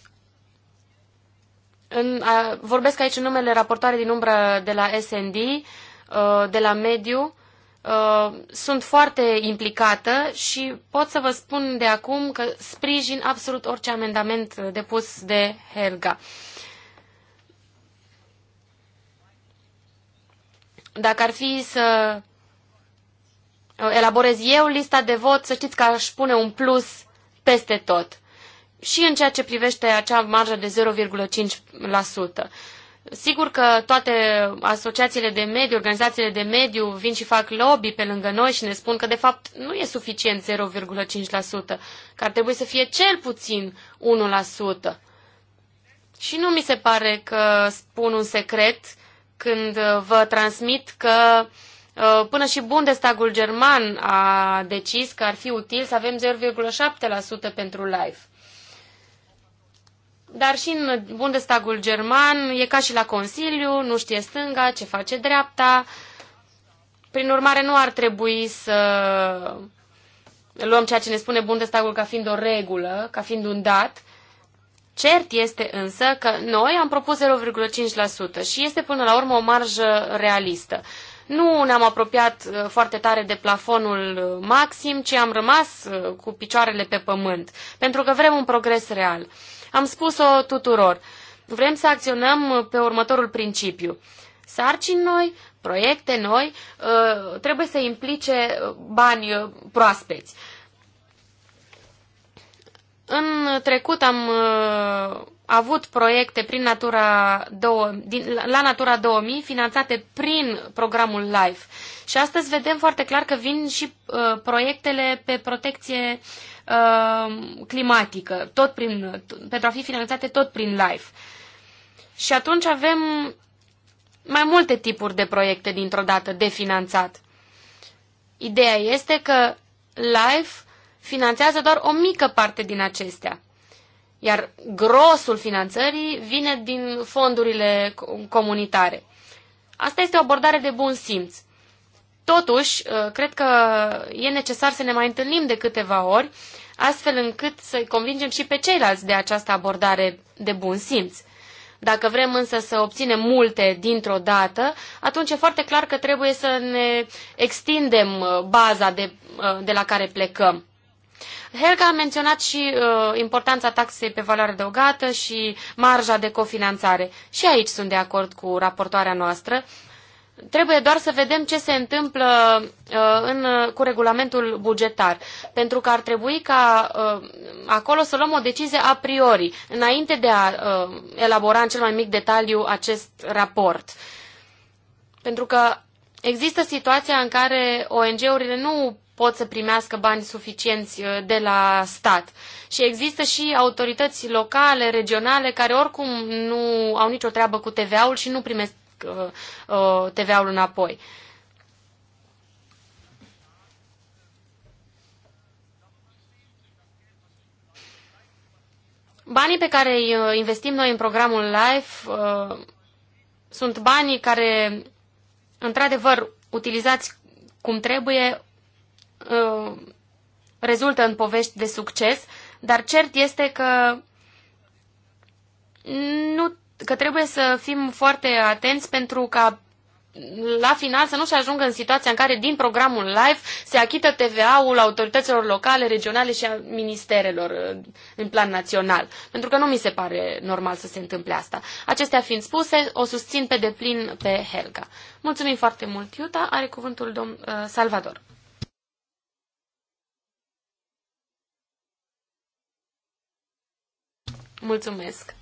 În, a, vorbesc aici în numele raportoare din umbră de la SND, uh, de la Mediu. Uh, sunt foarte implicată și pot să vă spun de acum că sprijin absolut orice amendament depus de Helga. Dacă ar fi să uh, elaborez eu lista de vot, să știți că aș pune un plus peste tot și în ceea ce privește acea marjă de 0,5%. Sigur că toate asociațiile de mediu, organizațiile de mediu vin și fac lobby pe lângă noi și ne spun că de fapt nu e suficient 0,5%, că ar trebui să fie cel puțin 1%. Și nu mi se pare că spun un secret când vă transmit că uh, până și Bundestagul german a decis că ar fi util să avem 0,7% pentru live. Dar și în Bundestagul german e ca și la Consiliu, nu știe stânga ce face dreapta. Prin urmare, nu ar trebui să luăm ceea ce ne spune Bundestagul ca fiind o regulă, ca fiind un dat. Cert este însă că noi am propus 0,5% și este până la urmă o marjă realistă. Nu ne-am apropiat uh, foarte tare de plafonul uh, maxim, ci am rămas uh, cu picioarele pe pământ, pentru că vrem un progres real. Am spus-o tuturor. Vrem să acționăm pe următorul principiu. Sarcini noi, proiecte noi, trebuie să implice bani proaspeți. În trecut am avut proiecte prin Natura 2, din, la Natura 2000 finanțate prin programul LIFE. Și astăzi vedem foarte clar că vin și uh, proiectele pe protecție uh, climatică, tot prin, pentru a fi finanțate tot prin LIFE. Și atunci avem mai multe tipuri de proiecte dintr-o dată de finanțat. Ideea este că LIFE finanțează doar o mică parte din acestea iar grosul finanțării vine din fondurile comunitare. Asta este o abordare de bun simț. Totuși, ă, cred că e necesar să ne mai întâlnim de câteva ori, astfel încât să-i convingem și pe ceilalți de această abordare de bun simț. Dacă vrem însă să obținem multe dintr-o dată, atunci e foarte clar că trebuie să ne extindem ă, baza de, ă, de la care plecăm. Helga a menționat și uh, importanța taxei pe valoare adăugată și marja de cofinanțare. Și aici sunt de acord cu raportoarea noastră. Trebuie doar să vedem ce se întâmplă uh, în, uh, cu regulamentul bugetar, pentru că ar trebui ca uh, acolo să luăm o decizie a priori, înainte de a uh, elabora în cel mai mic detaliu acest raport. Pentru că Există situația în care ONG-urile nu pot să primească bani suficienți uh, de la stat. Și există și autorități locale, regionale, care oricum nu au nicio treabă cu TVA-ul și nu primesc uh, uh, TVA-ul înapoi. Banii pe care îi investim noi în programul LIFE uh, sunt banii care, într-adevăr, utilizați cum trebuie, Uh, rezultă în povești de succes, dar cert este că nu că trebuie să fim foarte atenți pentru ca la final să nu se ajungă în situația în care din programul live se achită TVA-ul autorităților locale, regionale și a ministerelor uh, în plan național. Pentru că nu mi se pare normal să se întâmple asta. Acestea fiind spuse, o susțin pe deplin pe Helga. Mulțumim foarte mult, Iuta. Are cuvântul domn uh, Salvador. Mulțumesc!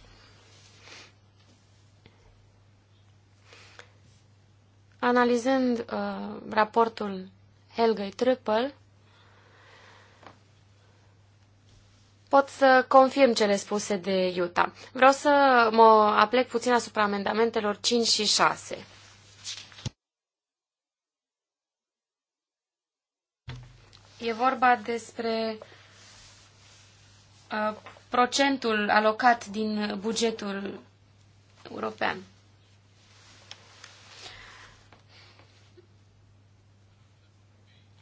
Analizând uh, raportul Helgei Trüppel, pot să confirm cele spuse de Iuta. Vreau să mă aplec puțin asupra amendamentelor 5 și 6. E vorba despre uh, procentul alocat din bugetul european.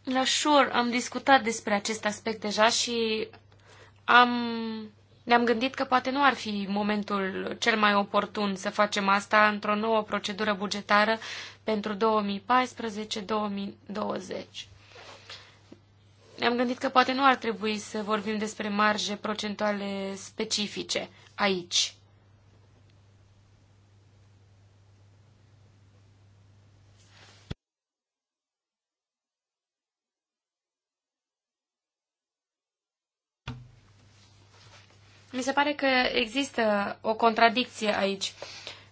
La Sure am discutat despre acest aspect deja și am, ne-am gândit că poate nu ar fi momentul cel mai oportun să facem asta într-o nouă procedură bugetară pentru 2014-2020 ne-am gândit că poate nu ar trebui să vorbim despre marje procentuale specifice aici. Mi se pare că există o contradicție aici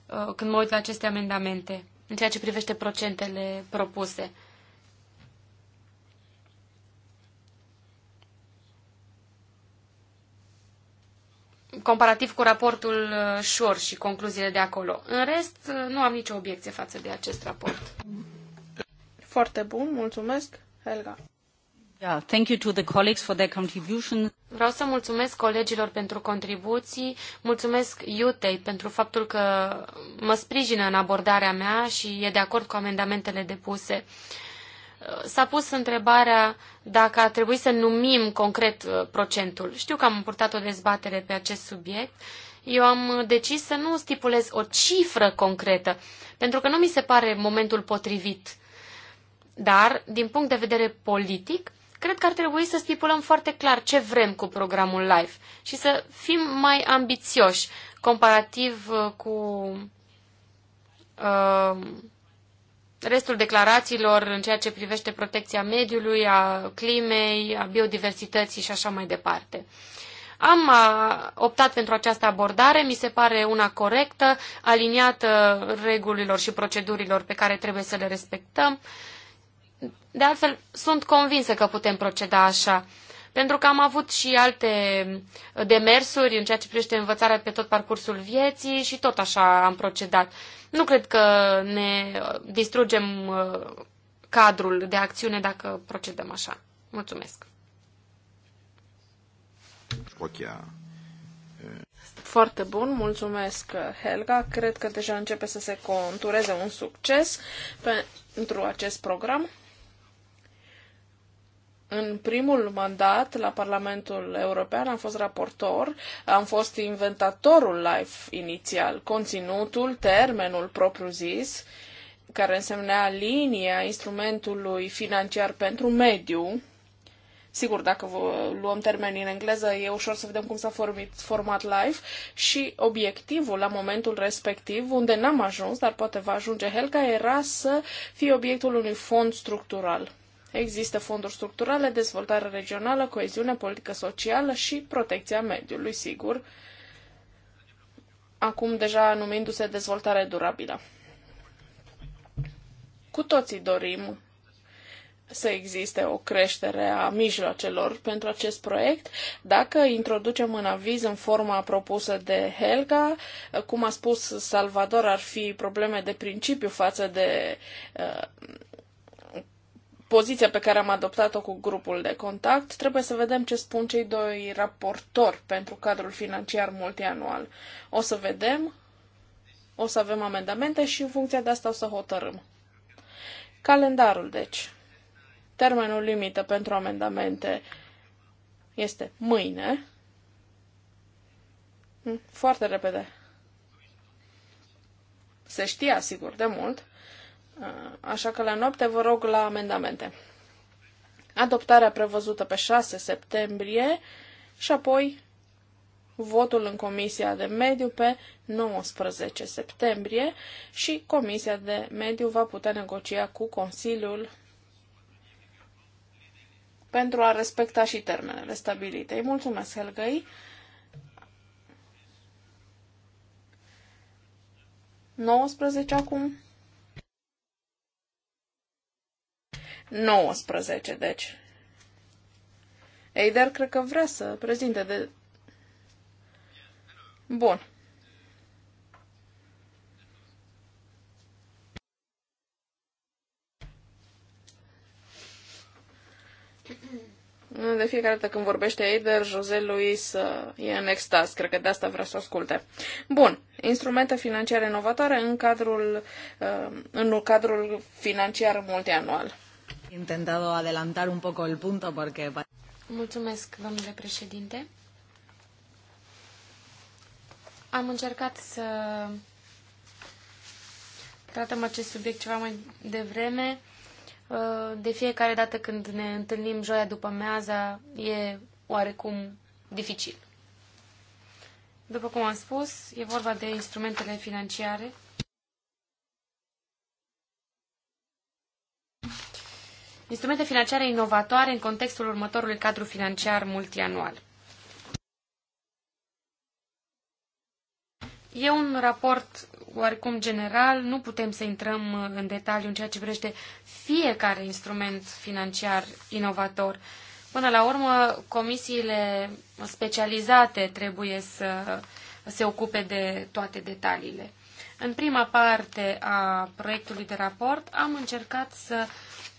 uh, când mă uit la aceste amendamente în ceea ce privește procentele propuse. comparativ cu raportul Șor uh, și concluziile de acolo. În rest, uh, nu am nicio obiecție față de acest raport. Foarte bun, mulțumesc, Helga. Yeah, thank you to the colleagues for their contribution. Vreau să mulțumesc colegilor pentru contribuții, mulțumesc Iutei pentru faptul că mă sprijină în abordarea mea și e de acord cu amendamentele depuse. Uh, s-a pus întrebarea dacă ar trebui să numim concret uh, procentul. Știu că am purtat o dezbatere pe acest subiect. Eu am uh, decis să nu stipulez o cifră concretă, pentru că nu mi se pare momentul potrivit. Dar, din punct de vedere politic, cred că ar trebui să stipulăm foarte clar ce vrem cu programul LIFE și să fim mai ambițioși comparativ uh, cu uh, restul declarațiilor în ceea ce privește protecția mediului, a climei, a biodiversității și așa mai departe. Am optat pentru această abordare, mi se pare una corectă, aliniată regulilor și procedurilor pe care trebuie să le respectăm. De altfel, sunt convinsă că putem proceda așa, pentru că am avut și alte demersuri în ceea ce privește învățarea pe tot parcursul vieții și tot așa am procedat. Nu cred că ne uh, distrugem uh, cadrul de acțiune dacă procedăm așa. Mulțumesc. Ochia. Foarte bun, mulțumesc uh, Helga. Cred că deja începe să se contureze un succes pentru acest program. În primul mandat la Parlamentul European am fost raportor, am fost inventatorul LIFE inițial, conținutul, termenul propriu zis, care însemna linia instrumentului financiar pentru mediu. Sigur, dacă vă luăm termenii în engleză, e ușor să vedem cum s-a format, format live și obiectivul la momentul respectiv, unde n-am ajuns, dar poate va ajunge Helga, era să fie obiectul unui fond structural. Există fonduri structurale, dezvoltare regională, coeziune, politică socială și protecția mediului, sigur, acum deja numindu-se dezvoltare durabilă. Cu toții dorim să existe o creștere a mijloacelor pentru acest proiect. Dacă introducem în aviz în forma propusă de Helga, cum a spus Salvador, ar fi probleme de principiu față de uh, poziția pe care am adoptat-o cu grupul de contact, trebuie să vedem ce spun cei doi raportori pentru cadrul financiar multianual. O să vedem, o să avem amendamente și în funcție de asta o să hotărâm. Calendarul, deci. Termenul limită pentru amendamente este mâine. Foarte repede. Se știa, sigur, de mult Așa că la noapte vă rog la amendamente. Adoptarea prevăzută pe 6 septembrie și apoi votul în Comisia de Mediu pe 19 septembrie și Comisia de Mediu va putea negocia cu Consiliul pentru a respecta și termenele stabilite. Îi mulțumesc, Helgăi. Nouăsprezece acum. 19, deci. Eider, cred că vrea să prezinte de... Bun. De fiecare dată când vorbește Eider, José Luis uh, e în extaz. Cred că de asta vrea să asculte. Bun. Instrumente financiare inovatoare în cadrul, uh, în cadrul financiar multianual. Intentado adelantar un poco el punto porque... Mulțumesc, domnule președinte. Am încercat să tratăm acest subiect ceva mai devreme. Uh, de fiecare dată când ne întâlnim joia după meaza, e oarecum dificil. După cum am spus, e vorba de instrumentele financiare instrumente financiare inovatoare în contextul următorului cadru financiar multianual. E un raport oarecum general, nu putem să intrăm în detaliu în ceea ce privește fiecare instrument financiar inovator. Până la urmă, comisiile specializate trebuie să se ocupe de toate detaliile. În prima parte a proiectului de raport am încercat să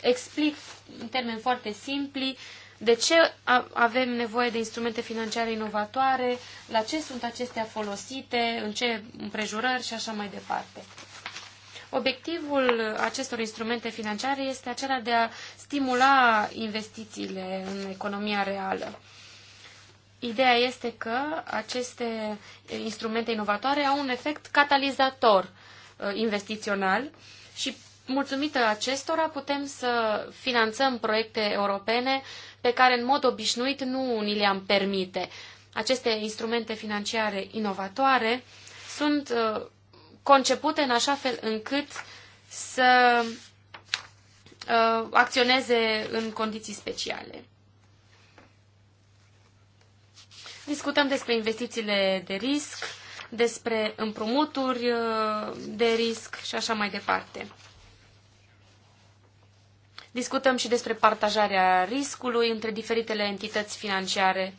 explic în termeni foarte simpli de ce avem nevoie de instrumente financiare inovatoare, la ce sunt acestea folosite, în ce împrejurări și așa mai departe. Obiectivul acestor instrumente financiare este acela de a stimula investițiile în economia reală. Ideea este că aceste instrumente inovatoare au un efect catalizator uh, investițional și mulțumită acestora putem să finanțăm proiecte europene pe care în mod obișnuit nu ni le-am permite. Aceste instrumente financiare inovatoare sunt uh, concepute în așa fel încât să uh, acționeze în condiții speciale. Discutăm despre investițiile de risc, despre împrumuturi uh, de risc și așa mai departe. Discutăm și despre partajarea riscului între diferitele entități financiare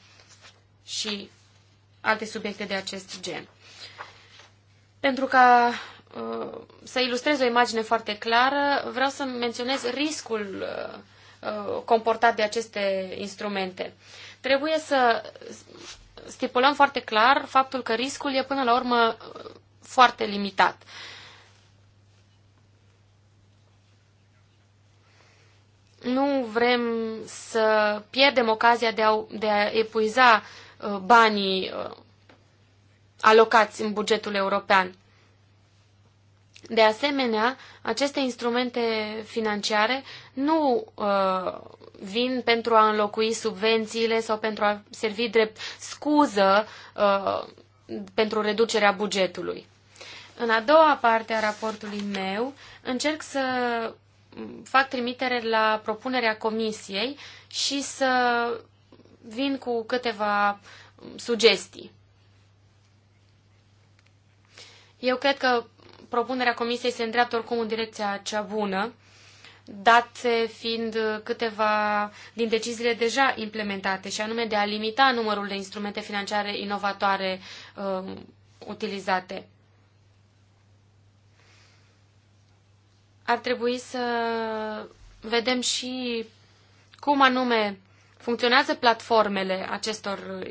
și alte subiecte de acest gen. Pentru ca uh, să ilustrez o imagine foarte clară, vreau să menționez riscul uh, comportat de aceste instrumente. Trebuie să stipulăm foarte clar faptul că riscul e până la urmă uh, foarte limitat. Nu vrem să pierdem ocazia de a, de a epuiza uh, banii uh, alocați în bugetul european. De asemenea, aceste instrumente financiare nu uh, vin pentru a înlocui subvențiile sau pentru a servi drept scuză uh, pentru reducerea bugetului. În a doua parte a raportului meu încerc să fac trimitere la propunerea comisiei și să vin cu câteva sugestii. Eu cred că propunerea Comisiei se îndreaptă oricum în direcția cea bună, date fiind câteva din deciziile deja implementate, și anume de a limita numărul de instrumente financiare inovatoare uh, utilizate. Ar trebui să vedem și cum anume funcționează platformele acestor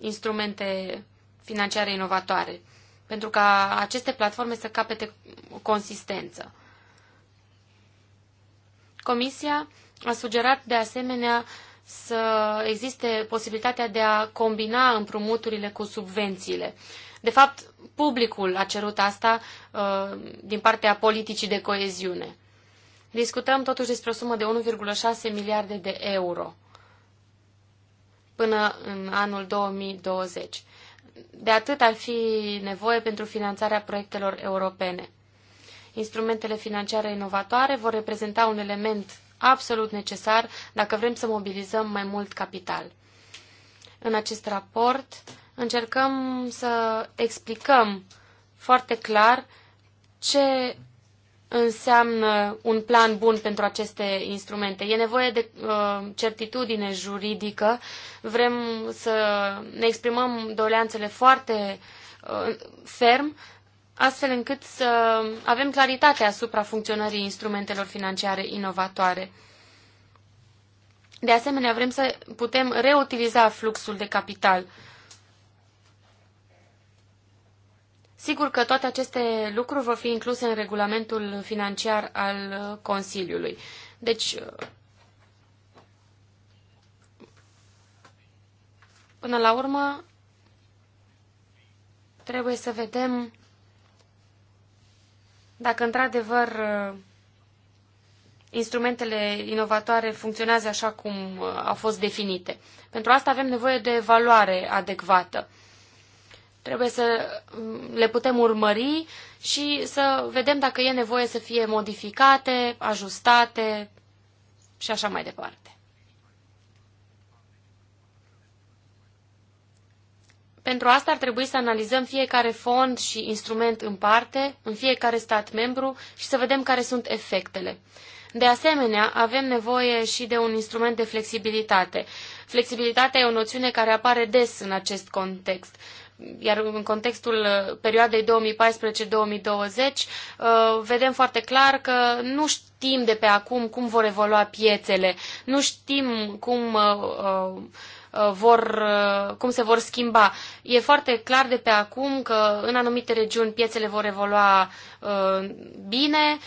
instrumente financiare inovatoare pentru ca aceste platforme să capete consistență. Comisia a sugerat de asemenea să existe posibilitatea de a combina împrumuturile cu subvențiile. De fapt, publicul a cerut asta uh, din partea politicii de coeziune. Discutăm totuși despre o sumă de 1,6 miliarde de euro până în anul 2020 de atât ar fi nevoie pentru finanțarea proiectelor europene. Instrumentele financiare inovatoare vor reprezenta un element absolut necesar dacă vrem să mobilizăm mai mult capital. În acest raport încercăm să explicăm foarte clar ce înseamnă un plan bun pentru aceste instrumente. E nevoie de uh, certitudine juridică. Vrem să ne exprimăm doleanțele foarte uh, ferm, astfel încât să avem claritate asupra funcționării instrumentelor financiare inovatoare. De asemenea, vrem să putem reutiliza fluxul de capital. Uh, Sigur că toate aceste lucruri vor fi incluse în regulamentul financiar al uh, Consiliului. Deci, uh, până la urmă, trebuie să vedem dacă într-adevăr uh, instrumentele inovatoare funcționează așa cum au fost definite. Pentru asta avem nevoie de evaluare adecvată. Trebuie să mm, le putem urmări și să vedem dacă e nevoie să fie modificate, ajustate și așa mai departe. Pentru asta ar trebui să analizăm fiecare fond și instrument în parte, în fiecare stat membru și să vedem care sunt efectele. De asemenea, avem nevoie și de un instrument de flexibilitate. Flexibilitatea e o noțiune care apare des în acest context iar în contextul uh, perioadei 2014-2020 uh, vedem foarte clar că nu știm de pe acum cum vor evolua piețele, nu știm cum uh, vor, cum se vor schimba. E foarte clar de pe acum că în anumite regiuni piețele vor evolua bine,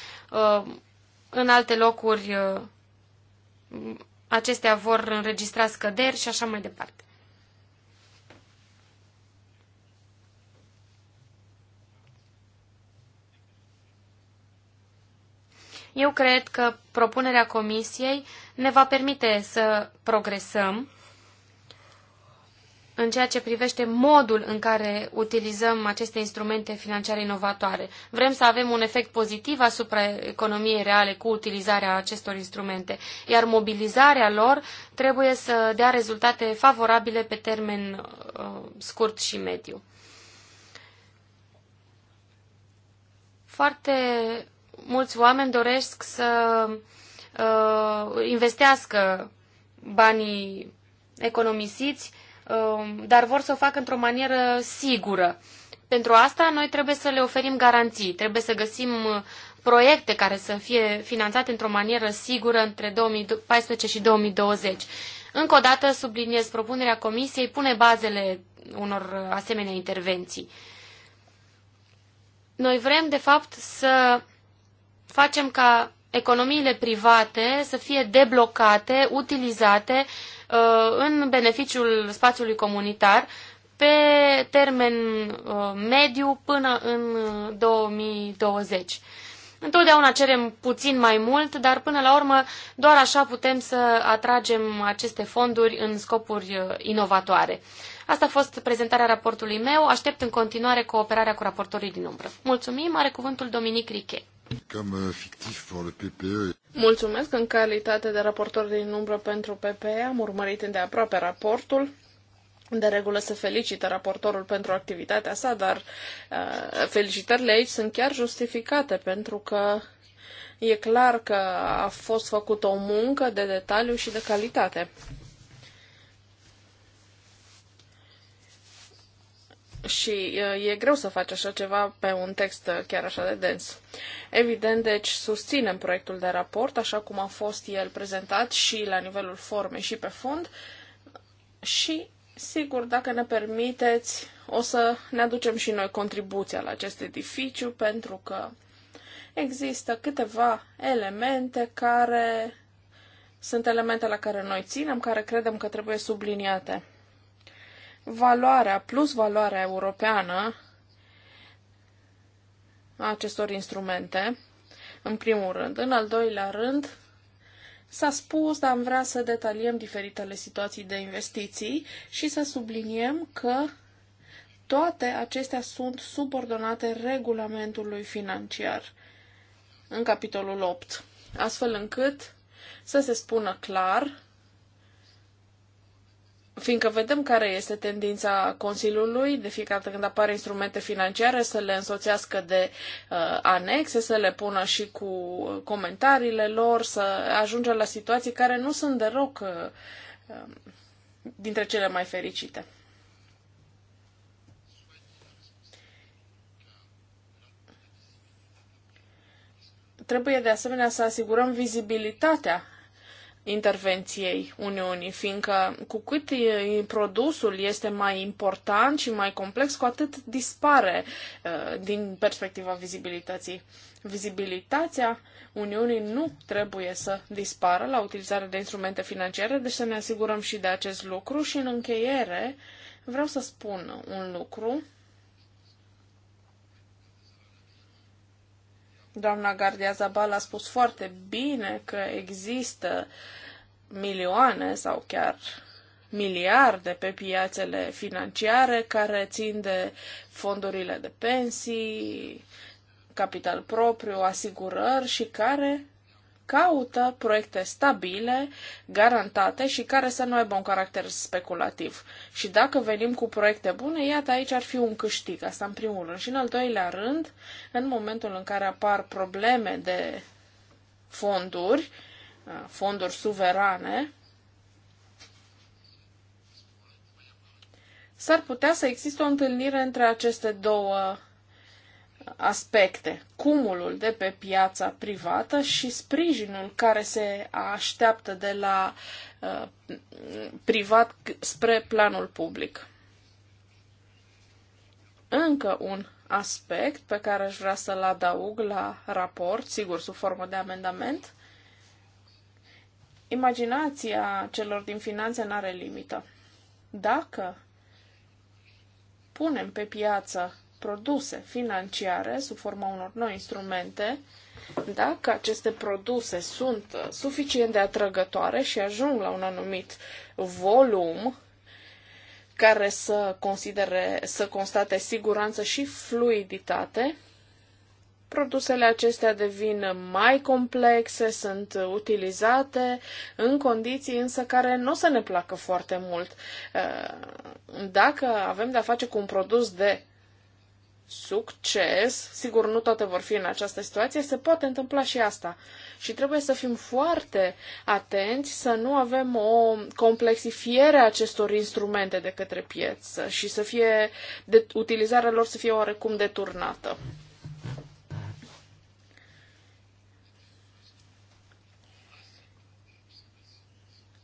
în alte locuri acestea vor înregistra scăderi și așa mai departe. Eu cred că propunerea comisiei ne va permite să progresăm în ceea ce privește modul în care utilizăm aceste instrumente financiare inovatoare. Vrem să avem un efect pozitiv asupra economiei reale cu utilizarea acestor instrumente, iar mobilizarea lor trebuie să dea rezultate favorabile pe termen uh, scurt și mediu. Foarte mulți oameni doresc să uh, investească banii economisiți, uh, dar vor să o facă într-o manieră sigură. Pentru asta noi trebuie să le oferim garanții, trebuie să găsim uh, proiecte care să fie finanțate într-o manieră sigură între 2014 și 2020. Încă o dată subliniez propunerea Comisiei, pune bazele unor uh, asemenea intervenții. Noi vrem, de fapt, să facem ca economiile private să fie deblocate, utilizate uh, în beneficiul spațiului comunitar pe termen uh, mediu până în 2020. Uh, Întotdeauna cerem puțin mai mult, dar până la urmă doar așa putem să atragem aceste fonduri în scopuri inovatoare. Asta a fost prezentarea raportului meu. Aștept în continuare cooperarea cu raportorii din umbră. Mulțumim. Are cuvântul Dominic Riche. Uh, Mulțumesc în calitate de raportor din umbră pentru PPE. Am urmărit îndeaproape raportul. De regulă se felicită raportorul pentru activitatea sa, dar uh, felicitările aici sunt chiar justificate pentru că e clar că a fost făcută o muncă de detaliu și de calitate. și uh, e greu să faci așa ceva pe un text uh, chiar așa de dens. Evident, deci susținem proiectul de raport așa cum a fost el prezentat și la nivelul formei și pe fond și, sigur, dacă ne permiteți, o să ne aducem și noi contribuția la acest edificiu pentru că există câteva elemente care sunt elemente la care noi ținem, care credem că trebuie subliniate valoarea plus valoarea europeană a acestor instrumente, în primul rând. În al doilea rând, s-a spus, dar am vrea să detaliem diferitele situații de investiții și să subliniem că toate acestea sunt subordonate regulamentului financiar în capitolul 8, astfel încât să se spună clar fiindcă vedem care este tendința Consiliului de fiecare dată când apare instrumente financiare să le însoțească de uh, anexe, să le pună și cu comentariile lor, să ajungă la situații care nu sunt deloc uh, um, dintre cele mai fericite. Trebuie de asemenea să asigurăm vizibilitatea intervenției Uniunii, fiindcă cu cât produsul este mai important și mai complex, cu atât dispare din perspectiva vizibilității. Vizibilitatea Uniunii nu trebuie să dispară la utilizarea de instrumente financiare, deci să ne asigurăm și de acest lucru și în încheiere vreau să spun un lucru Doamna Gardia Zabal a spus foarte bine că există milioane sau chiar miliarde pe piațele financiare care țin de fondurile de pensii, capital propriu, asigurări și care caută proiecte stabile, garantate și care să nu aibă un caracter speculativ. Și dacă venim cu proiecte bune, iată aici ar fi un câștig, asta în primul rând. Și în al doilea rând, în momentul în care apar probleme de fonduri, fonduri suverane, s-ar putea să existe o întâlnire între aceste două aspecte. Cumulul de pe piața privată și sprijinul care se așteaptă de la uh, privat spre planul public. Încă un aspect pe care aș vrea să-l adaug la raport, sigur sub formă de amendament, imaginația celor din finanțe n-are limită. Dacă punem pe piață produse financiare sub forma unor noi instrumente, dacă aceste produse sunt uh, suficient de atrăgătoare și ajung la un anumit volum care să, considere, să constate siguranță și fluiditate, produsele acestea devin mai complexe, sunt utilizate în condiții însă care nu o să ne placă foarte mult. Uh, dacă avem de-a face cu un produs de succes, sigur nu toate vor fi în această situație, se poate întâmpla și asta. Și trebuie să fim foarte atenți să nu avem o complexifiere a acestor instrumente de către piață și să fie, de, utilizarea lor să fie oarecum deturnată.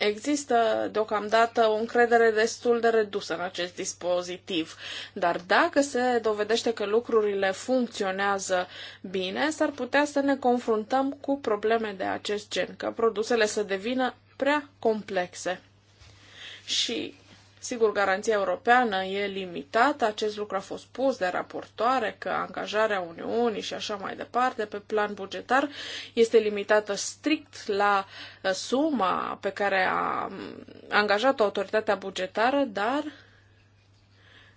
Există deocamdată o încredere destul de redusă în acest dispozitiv, dar dacă se dovedește că lucrurile funcționează bine, s-ar putea să ne confruntăm cu probleme de acest gen, că produsele să devină prea complexe. Și Sigur, garanția europeană e limitată, acest lucru a fost pus de raportoare, că angajarea Uniunii și așa mai departe pe plan bugetar este limitată strict la uh, suma pe care a um, angajat-o autoritatea bugetară, dar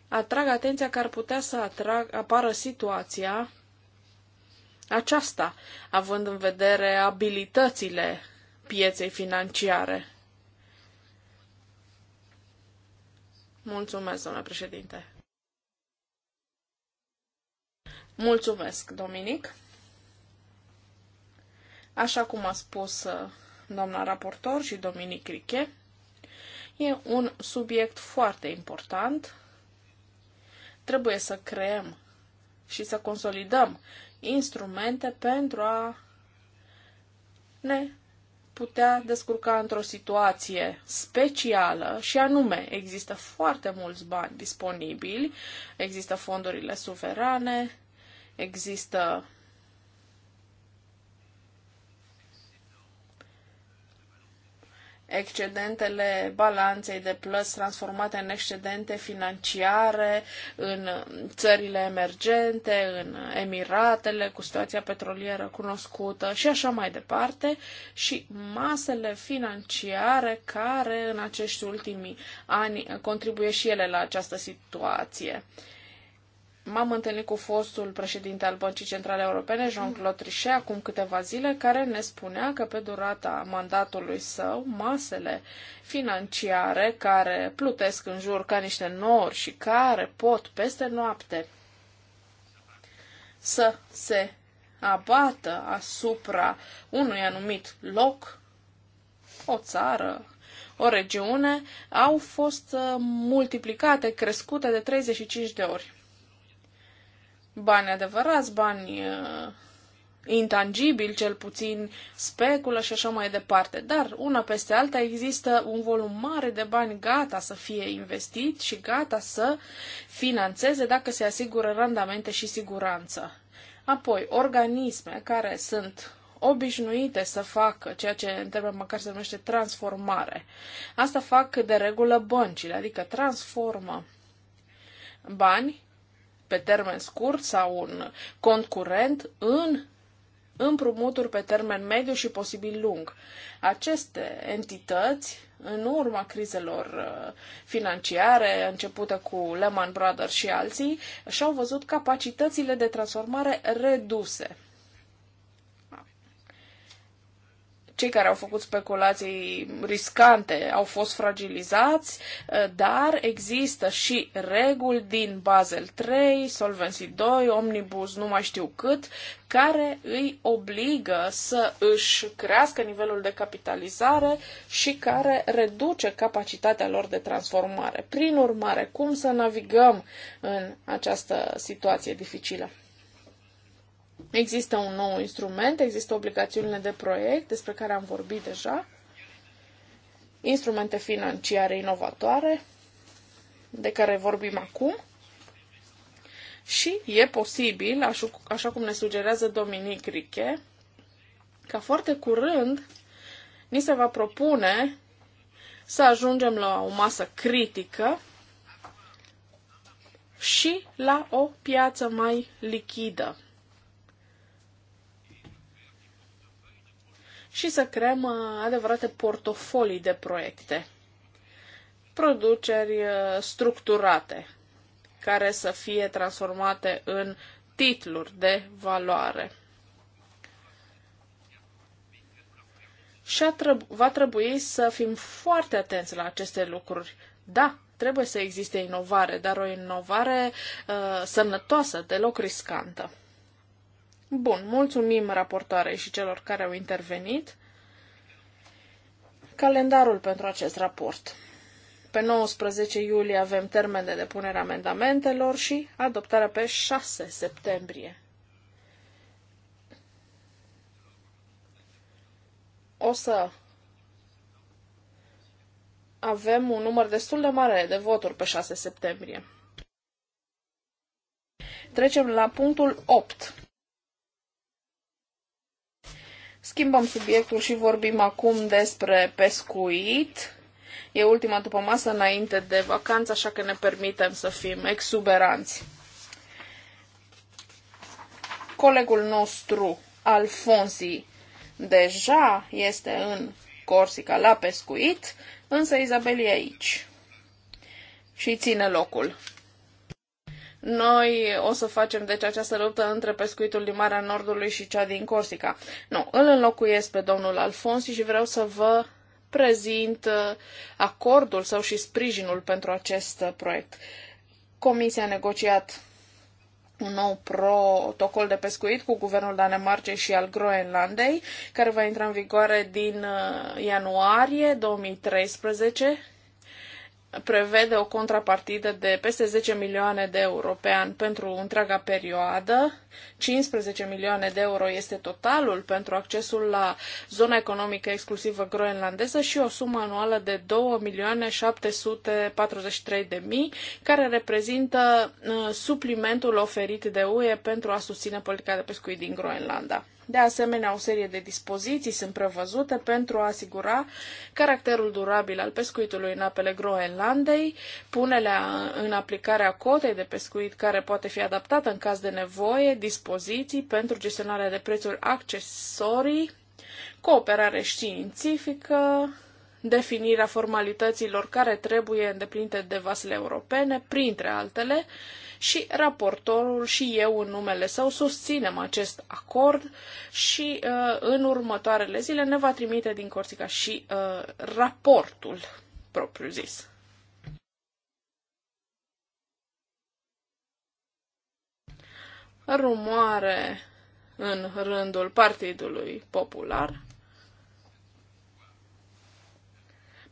atrag atenția că ar putea să atrag, apară situația aceasta, având în vedere abilitățile pieței financiare. Mulțumesc, domnule președinte. Mulțumesc, Dominic. Așa cum a spus uh, doamna raportor și Dominic Riche, e un subiect foarte important. Trebuie să creăm și să consolidăm instrumente pentru a ne putea descurca într-o situație specială și anume există foarte mulți bani disponibili, există fondurile suverane, există excedentele balanței de plăți transformate în excedente financiare în țările emergente, în Emiratele, cu situația petrolieră cunoscută și așa mai departe, și masele financiare care în acești ultimi ani contribuie și ele la această situație. M-am întâlnit cu fostul președinte al Băncii Centrale Europene, Jean-Claude Trichet, acum câteva zile, care ne spunea că pe durata mandatului său, masele financiare care plutesc în jur ca niște nori și care pot peste noapte să se abată asupra unui anumit loc, o țară, o regiune, au fost uh, multiplicate, crescute de 35 de ori bani adevărați, bani uh, intangibili, cel puțin speculă și așa mai departe. Dar una peste alta există un volum mare de bani gata să fie investit și gata să financeze dacă se asigură randamente și siguranță. Apoi, organisme care sunt obișnuite să facă ceea ce în termen măcar se numește transformare. Asta fac de regulă băncile, adică transformă bani pe termen scurt sau un cont curent în împrumuturi pe termen mediu și posibil lung. Aceste entități, în urma crizelor uh, financiare, începută cu Lehman Brothers și alții, și-au văzut capacitățile de transformare reduse. cei care au făcut speculații riscante au fost fragilizați, eh, dar există și reguli din Basel 3, Solvency 2, Omnibus, nu mai știu cât, care îi obligă să își crească nivelul de capitalizare și care reduce capacitatea lor de transformare. Prin urmare, cum să navigăm în această situație dificilă? Există un nou instrument, există obligațiunile de proiect, despre care am vorbit deja, instrumente financiare inovatoare, de care vorbim acum, și e posibil, așa cum ne sugerează Dominic Riche, ca foarte curând ni se va propune să ajungem la o masă critică și la o piață mai lichidă și să creăm uh, adevărate portofolii de proiecte. Produceri uh, structurate, care să fie transformate în titluri de valoare. Și va trebui să fim foarte atenți la aceste lucruri. Da, trebuie să existe inovare, dar o inovare uh, sănătoasă, deloc riscantă. Bun, mulțumim raportoare și celor care au intervenit. Calendarul pentru acest raport. Pe 19 iulie avem termen de depunere amendamentelor și adoptarea pe 6 septembrie. O să avem un număr destul de mare de voturi pe 6 septembrie. Trecem la punctul 8 Schimbăm subiectul și vorbim acum despre pescuit. E ultima după masă înainte de vacanță, așa că ne permitem să fim exuberanți. Colegul nostru, Alfonsi, deja este în Corsica la pescuit, însă Izabel e aici și ține locul. Noi o să facem deci această luptă între pescuitul din Marea Nordului și cea din Corsica. Nu, îl înlocuiesc pe domnul Alfonsi și vreau să vă prezint uh, acordul sau și sprijinul pentru acest uh, proiect. Comisia a negociat un nou protocol de pescuit cu guvernul Danemarcei și al Groenlandei, care va intra în vigoare din uh, ianuarie 2013 prevede o contrapartidă de peste 10 milioane de euro pe an pentru întreaga perioadă. 15 milioane de euro este totalul pentru accesul la zona economică exclusivă groenlandeză și o sumă anuală de 2.743.000 care reprezintă uh, suplimentul oferit de UE pentru a susține politica de pescuit din Groenlanda. De asemenea, o serie de dispoziții sunt prevăzute pentru a asigura caracterul durabil al pescuitului în apele Groenlandei, punerea în aplicare a cotei de pescuit care poate fi adaptată în caz de nevoie, dispoziții pentru gestionarea de prețuri accesorii, cooperare științifică, definirea formalităților care trebuie îndeplinite de vasele europene, printre altele, și raportorul și eu în numele său susținem acest acord și uh, în următoarele zile ne va trimite din Corsica și uh, raportul propriu zis. Rumoare în rândul Partidului Popular.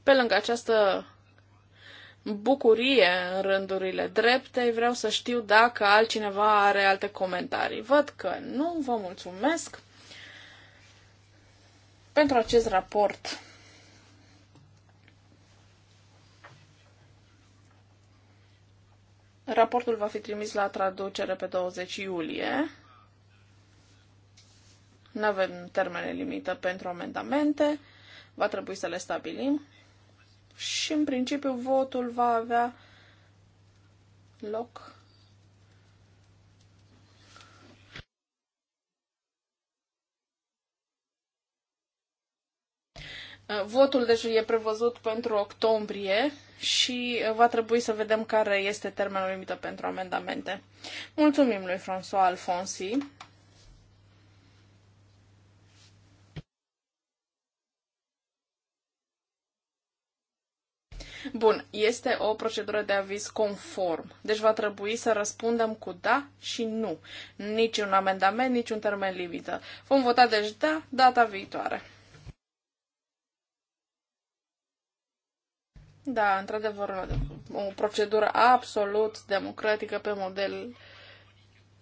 Pe lângă această bucurie în rândurile drepte, Vreau să știu dacă altcineva are alte comentarii. Văd că nu. Vă mulțumesc pentru acest raport. Raportul va fi trimis la traducere pe 20 iulie. Nu avem termene limită pentru amendamente. Va trebui să le stabilim și în principiu votul va avea loc. Votul deja deci, e prevăzut pentru octombrie și va trebui să vedem care este termenul limită pentru amendamente. Mulțumim lui François Alfonsi Bun, este o procedură de aviz conform. Deci va trebui să răspundem cu da și nu. Nici un amendament, nici un termen limită. Vom vota deci da data viitoare. Da, într-adevăr, o procedură absolut democratică pe model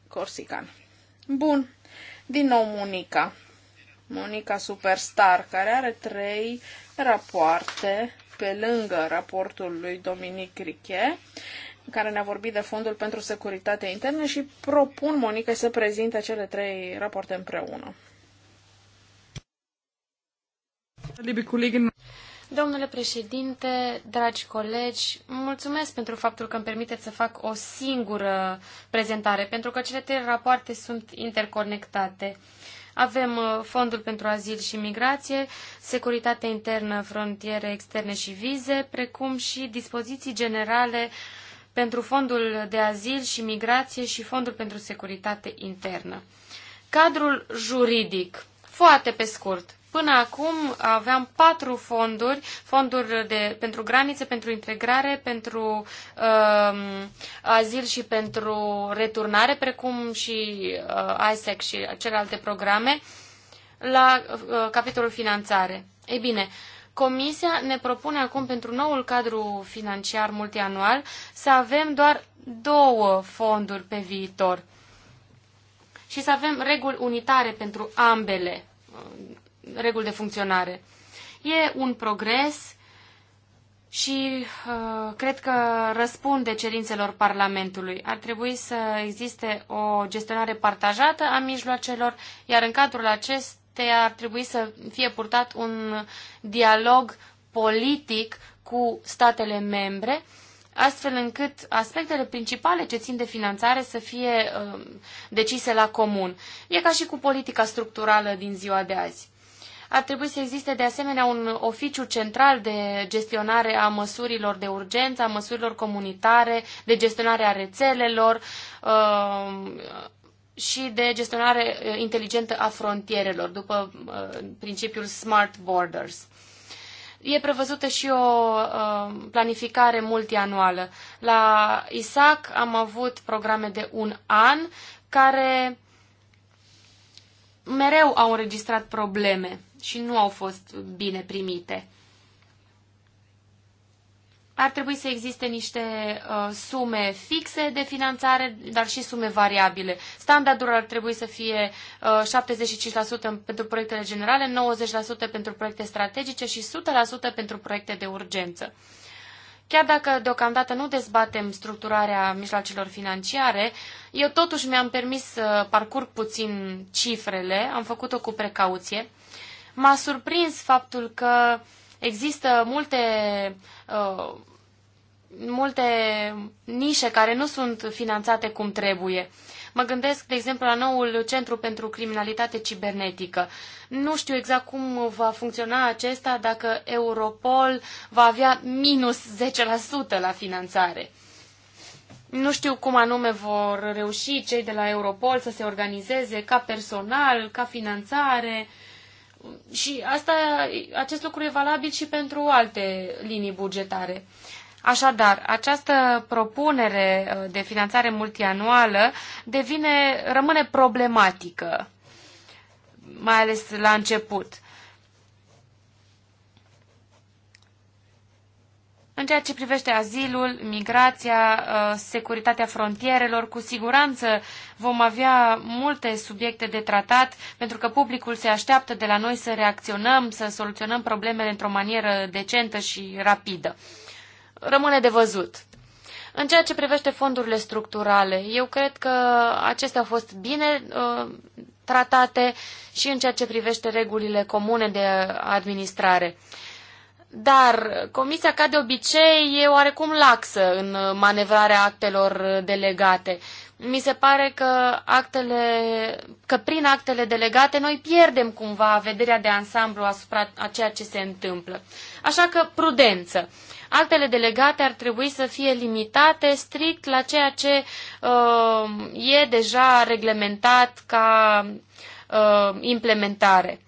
corsican. Bun, din nou Monica. Monica Superstar, care are trei rapoarte pe lângă raportul lui Dominic Riche, care ne-a vorbit de Fondul pentru Securitatea Internă și propun Monica să prezinte cele trei rapoarte împreună. Domnule președinte, dragi colegi, mulțumesc pentru faptul că îmi permiteți să fac o singură prezentare, pentru că cele trei rapoarte sunt interconectate. Avem uh, Fondul pentru Azil și Migrație, Securitatea Internă, Frontiere Externe și Vize, precum și dispoziții generale pentru Fondul de Azil și Migrație și Fondul pentru Securitate Internă. Cadrul juridic. Foarte pe scurt. Până acum aveam patru fonduri, fonduri de, pentru granițe, pentru integrare, pentru um, azil și pentru returnare, precum și uh, ISEC și celelalte programe, la uh, capitolul finanțare. Ei bine, Comisia ne propune acum pentru noul cadru financiar multianual să avem doar două fonduri pe viitor și să avem reguli unitare pentru ambele reguli de funcționare. E un progres și uh, cred că răspunde cerințelor Parlamentului. Ar trebui să existe o gestionare partajată a mijloacelor, iar în cadrul acesteia ar trebui să fie purtat un dialog politic cu statele membre, astfel încât aspectele principale ce țin de finanțare să fie uh, decise la comun. E ca și cu politica structurală din ziua de azi. Ar trebui să existe de asemenea un oficiu central de gestionare a măsurilor de urgență, a măsurilor comunitare, de gestionare a rețelelor um, și de gestionare uh, inteligentă a frontierelor, după uh, principiul Smart Borders. E prevăzută și o uh, planificare multianuală. La ISAC am avut programe de un an care mereu au înregistrat probleme și nu au fost bine primite. Ar trebui să existe niște uh, sume fixe de finanțare, dar și sume variabile. Standardul ar trebui să fie uh, 75% pentru proiectele generale, 90% pentru proiecte strategice și 100% pentru proiecte de urgență. Chiar dacă deocamdată nu dezbatem structurarea mijloacelor financiare, eu totuși mi-am permis să parcurg puțin cifrele, am făcut-o cu precauție. M-a surprins faptul că există multe, uh, multe nișe care nu sunt finanțate cum trebuie. Mă gândesc, de exemplu, la noul Centru pentru Criminalitate Cibernetică. Nu știu exact cum va funcționa acesta dacă Europol va avea minus 10% la finanțare. Nu știu cum anume vor reuși cei de la Europol să se organizeze ca personal, ca finanțare. Uh, și asta, acest lucru e valabil și pentru alte linii bugetare. Așadar, această propunere uh, de finanțare multianuală devine, rămâne problematică, mai ales la început. În ceea ce privește azilul, migrația, uh, securitatea frontierelor, cu siguranță vom avea multe subiecte de tratat, pentru că publicul se așteaptă de la noi să reacționăm, să soluționăm problemele într-o manieră decentă și rapidă. Rămâne de văzut. În ceea ce privește fondurile structurale, eu cred că acestea au fost bine uh, tratate și în ceea ce privește regulile comune de administrare. Uh, dar comisia, ca de obicei, e oarecum laxă în manevrarea actelor delegate. Mi se pare că, actele, că prin actele delegate noi pierdem cumva vederea de ansamblu asupra a ceea ce se întâmplă. Așa că prudență. Actele delegate ar trebui să fie limitate strict la ceea ce uh, e deja reglementat ca uh, implementare.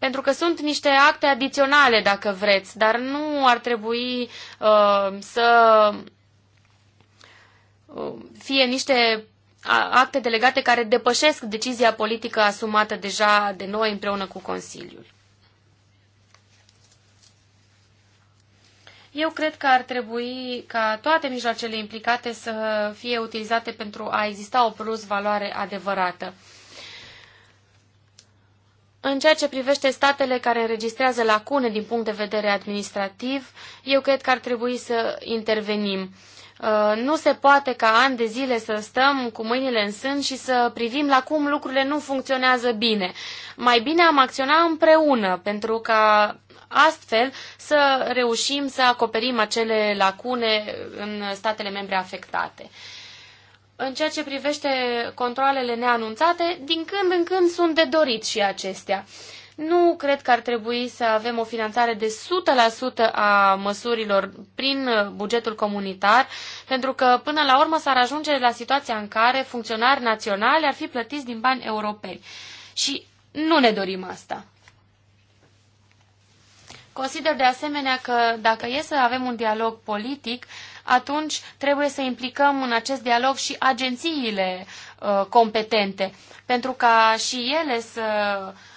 Pentru că sunt niște acte adiționale, dacă vreți, dar nu ar trebui uh, să uh, fie niște acte delegate care depășesc decizia politică asumată deja de noi împreună cu Consiliul. Eu cred că ar trebui ca toate mijloacele implicate să fie utilizate pentru a exista o plus valoare adevărată. În ceea ce privește statele care înregistrează lacune din punct de vedere administrativ, eu cred că ar trebui să intervenim. Uh, nu se poate ca ani de zile să stăm cu mâinile în sân și să privim la cum lucrurile nu funcționează bine. Mai bine am acționa împreună pentru ca astfel să reușim să acoperim acele lacune în statele membre afectate în ceea ce privește controlele neanunțate, din când în când sunt de dorit și acestea. Nu cred că ar trebui să avem o finanțare de 100% a măsurilor prin bugetul comunitar, pentru că până la urmă s-ar ajunge la situația în care funcționari naționali ar fi plătiți din bani europeni. Și nu ne dorim asta. Consider de asemenea că dacă e să avem un dialog politic, atunci trebuie să implicăm în acest dialog și agențiile uh, competente, pentru ca și ele să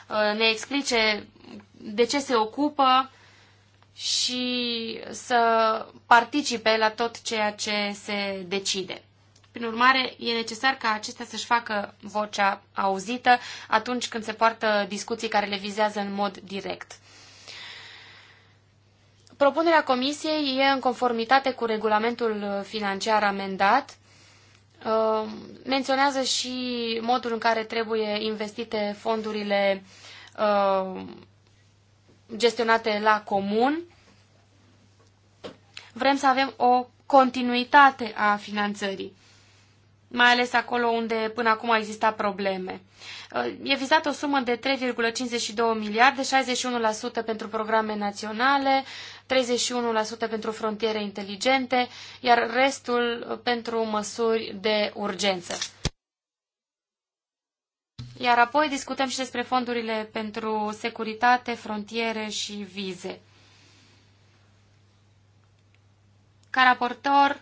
uh, ne explice de ce se ocupă și să participe la tot ceea ce se decide. Prin urmare, e necesar ca acestea să-și facă vocea auzită atunci când se poartă discuții care le vizează în mod direct. Propunerea Comisiei e în conformitate cu regulamentul financiar amendat. Uh, menționează și modul în care trebuie investite fondurile uh, gestionate la comun. Vrem să avem o continuitate a finanțării mai ales acolo unde până acum au existat probleme. Uh, e vizată o sumă de 3,52 miliarde, 61% pentru programe naționale, 31% pentru frontiere inteligente, iar restul uh, pentru măsuri de urgență. Iar apoi discutăm și despre fondurile pentru securitate, frontiere și vize. Ca raportor,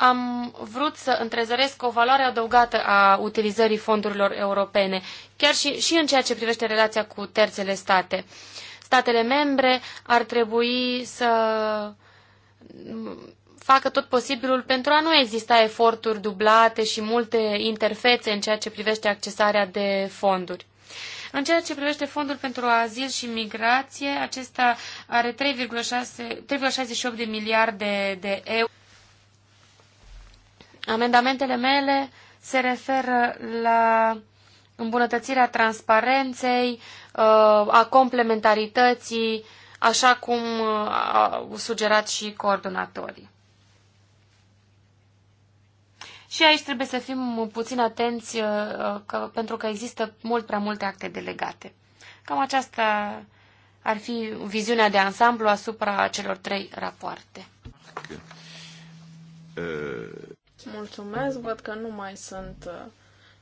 am vrut să întrezăresc o valoare adăugată a utilizării fondurilor europene, chiar și, și în ceea ce privește relația cu terțele state. Statele membre ar trebui să facă tot posibilul pentru a nu exista eforturi dublate și multe interfețe în ceea ce privește accesarea de fonduri. În ceea ce privește fondul pentru azil și migrație, acesta are 3,68 de miliarde de euro Amendamentele mele se referă la îmbunătățirea transparenței, uh, a complementarității, așa cum uh, au sugerat și coordonatorii. Și aici trebuie să fim puțin atenți uh, că, pentru că există mult prea multe acte delegate. Cam aceasta ar fi viziunea de ansamblu asupra celor trei rapoarte. Okay. Uh... Mulțumesc, văd că nu mai sunt uh,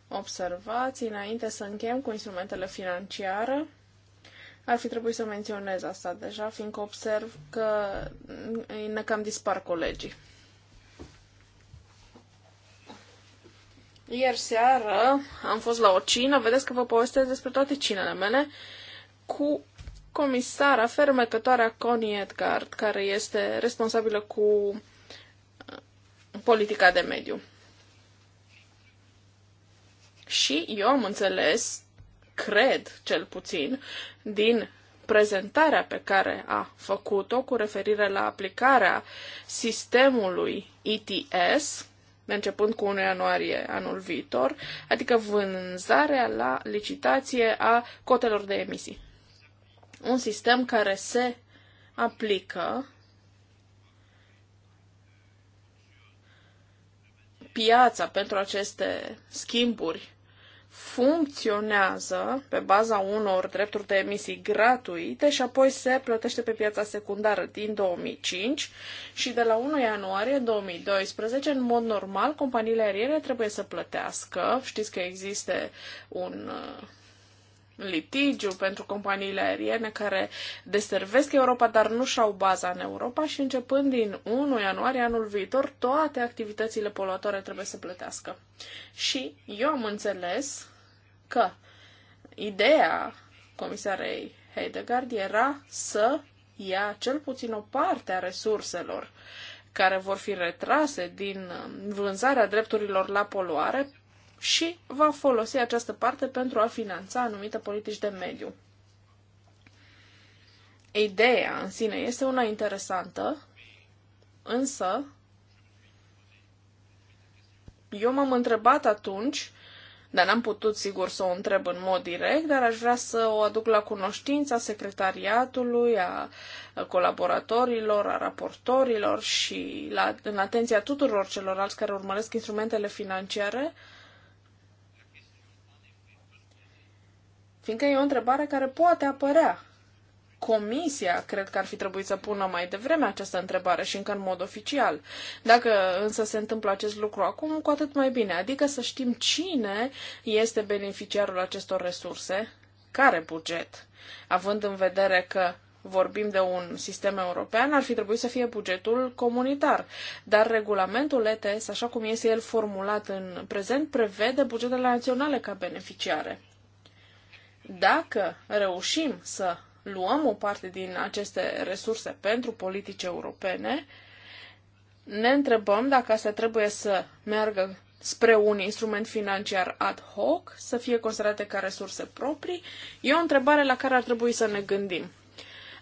observații. Înainte să încheiem cu instrumentele financiare, ar fi trebuit să menționez asta deja, fiindcă observ că ne cam dispar colegii. Ieri seară am fost la o cină, vedeți că vă povestesc despre toate cinele mele, cu comisara fermecătoarea Connie Edgard, care este responsabilă cu politica de mediu. Și eu am înțeles, cred cel puțin, din prezentarea pe care a făcut-o cu referire la aplicarea sistemului ETS, începând cu 1 ianuarie anul viitor, adică vânzarea la licitație a cotelor de emisii. Un sistem care se aplică piața pentru aceste schimburi funcționează pe baza unor drepturi de emisii gratuite și apoi se plătește pe piața secundară din 2005 și de la 1 ianuarie 2012, în mod normal, companiile aeriene trebuie să plătească. Știți că există un uh, litigiu pentru companiile aeriene care deservesc Europa, dar nu și-au baza în Europa și începând din 1 ianuarie anul viitor, toate activitățile poluatoare trebuie să plătească. Și eu am înțeles că ideea comisarei Heidegard era să ia cel puțin o parte a resurselor care vor fi retrase din vânzarea drepturilor la poluare și va folosi această parte pentru a finanța anumite politici de mediu. Ideea în sine este una interesantă, însă eu m-am întrebat atunci, dar n-am putut sigur să o întreb în mod direct, dar aș vrea să o aduc la cunoștința secretariatului, a colaboratorilor, a raportorilor și la, în atenția tuturor celorlalți care urmăresc instrumentele financiare, uh, Fiindcă e o întrebare care poate apărea. Comisia cred că ar fi trebuit să pună mai devreme această întrebare și încă în mod oficial. Dacă însă se întâmplă acest lucru acum, cu atât mai bine. Adică să știm cine este beneficiarul acestor resurse, care buget, având în vedere că vorbim de un sistem european, ar fi trebuit să fie bugetul comunitar. Dar regulamentul ETS, așa cum este el formulat în prezent, prevede bugetele naționale ca beneficiare. Dacă reușim să luăm o parte din aceste resurse pentru politici europene, ne întrebăm dacă asta trebuie să meargă spre un instrument financiar ad hoc, să fie considerate ca resurse proprii, e o întrebare la care ar trebui să ne gândim.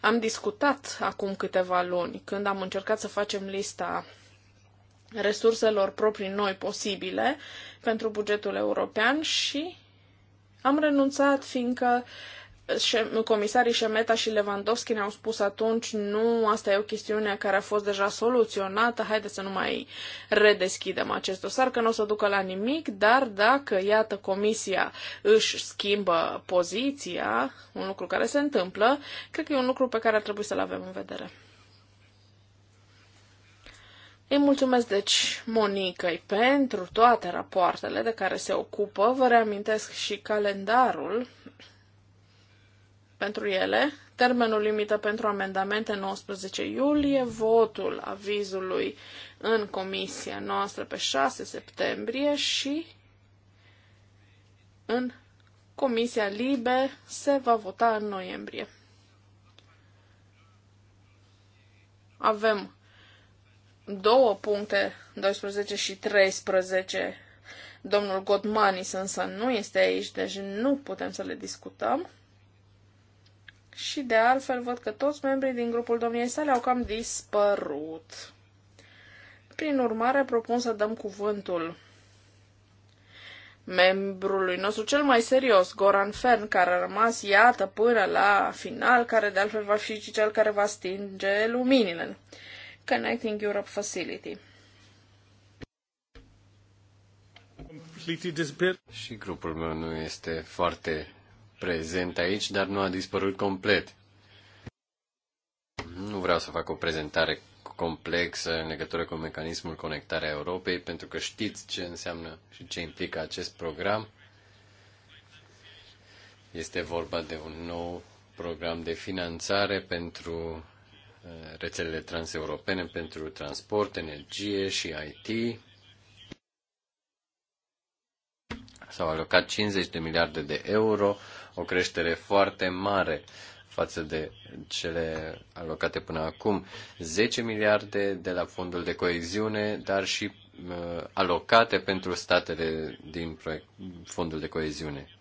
Am discutat acum câteva luni, când am încercat să facem lista resurselor proprii noi posibile pentru bugetul european și am renunțat fiindcă comisarii Șemeta și Lewandowski ne-au spus atunci, nu, asta e o chestiune care a fost deja soluționată, haideți să nu mai redeschidem acest dosar, că nu o să ducă la nimic, dar dacă, iată, comisia își schimbă poziția, un lucru care se întâmplă, cred că e un lucru pe care ar trebui să-l avem în vedere. Îi mulțumesc, deci, Monicăi pentru toate rapoartele de care se ocupă. Vă reamintesc și calendarul pentru ele. Termenul limită pentru amendamente 19 iulie, votul avizului în comisia noastră pe 6 septembrie și în comisia LIBE se va vota în noiembrie. Avem două puncte, 12 și 13, domnul Godmanis însă nu este aici, deci nu putem să le discutăm. Și de altfel văd că toți membrii din grupul domniei sale au cam dispărut. Prin urmare, propun să dăm cuvântul membrului nostru cel mai serios, Goran Fern, care a rămas, iată, până la final, care de altfel va fi și cel care va stinge luminile. Connecting Europe Facility. Și grupul meu nu este foarte prezent aici, dar nu a dispărut complet. Nu vreau să fac o prezentare complexă în legătură cu mecanismul conectarea Europei, pentru că știți ce înseamnă și ce implică acest program. Este vorba de un nou program de finanțare pentru Uh, rețelele transeuropene pentru transport, energie și IT. S-au alocat 50 de miliarde de euro, o creștere foarte mare față de cele alocate până acum. 10 miliarde de la fondul de coeziune, dar și uh, alocate pentru statele din proiect, fondul de coeziune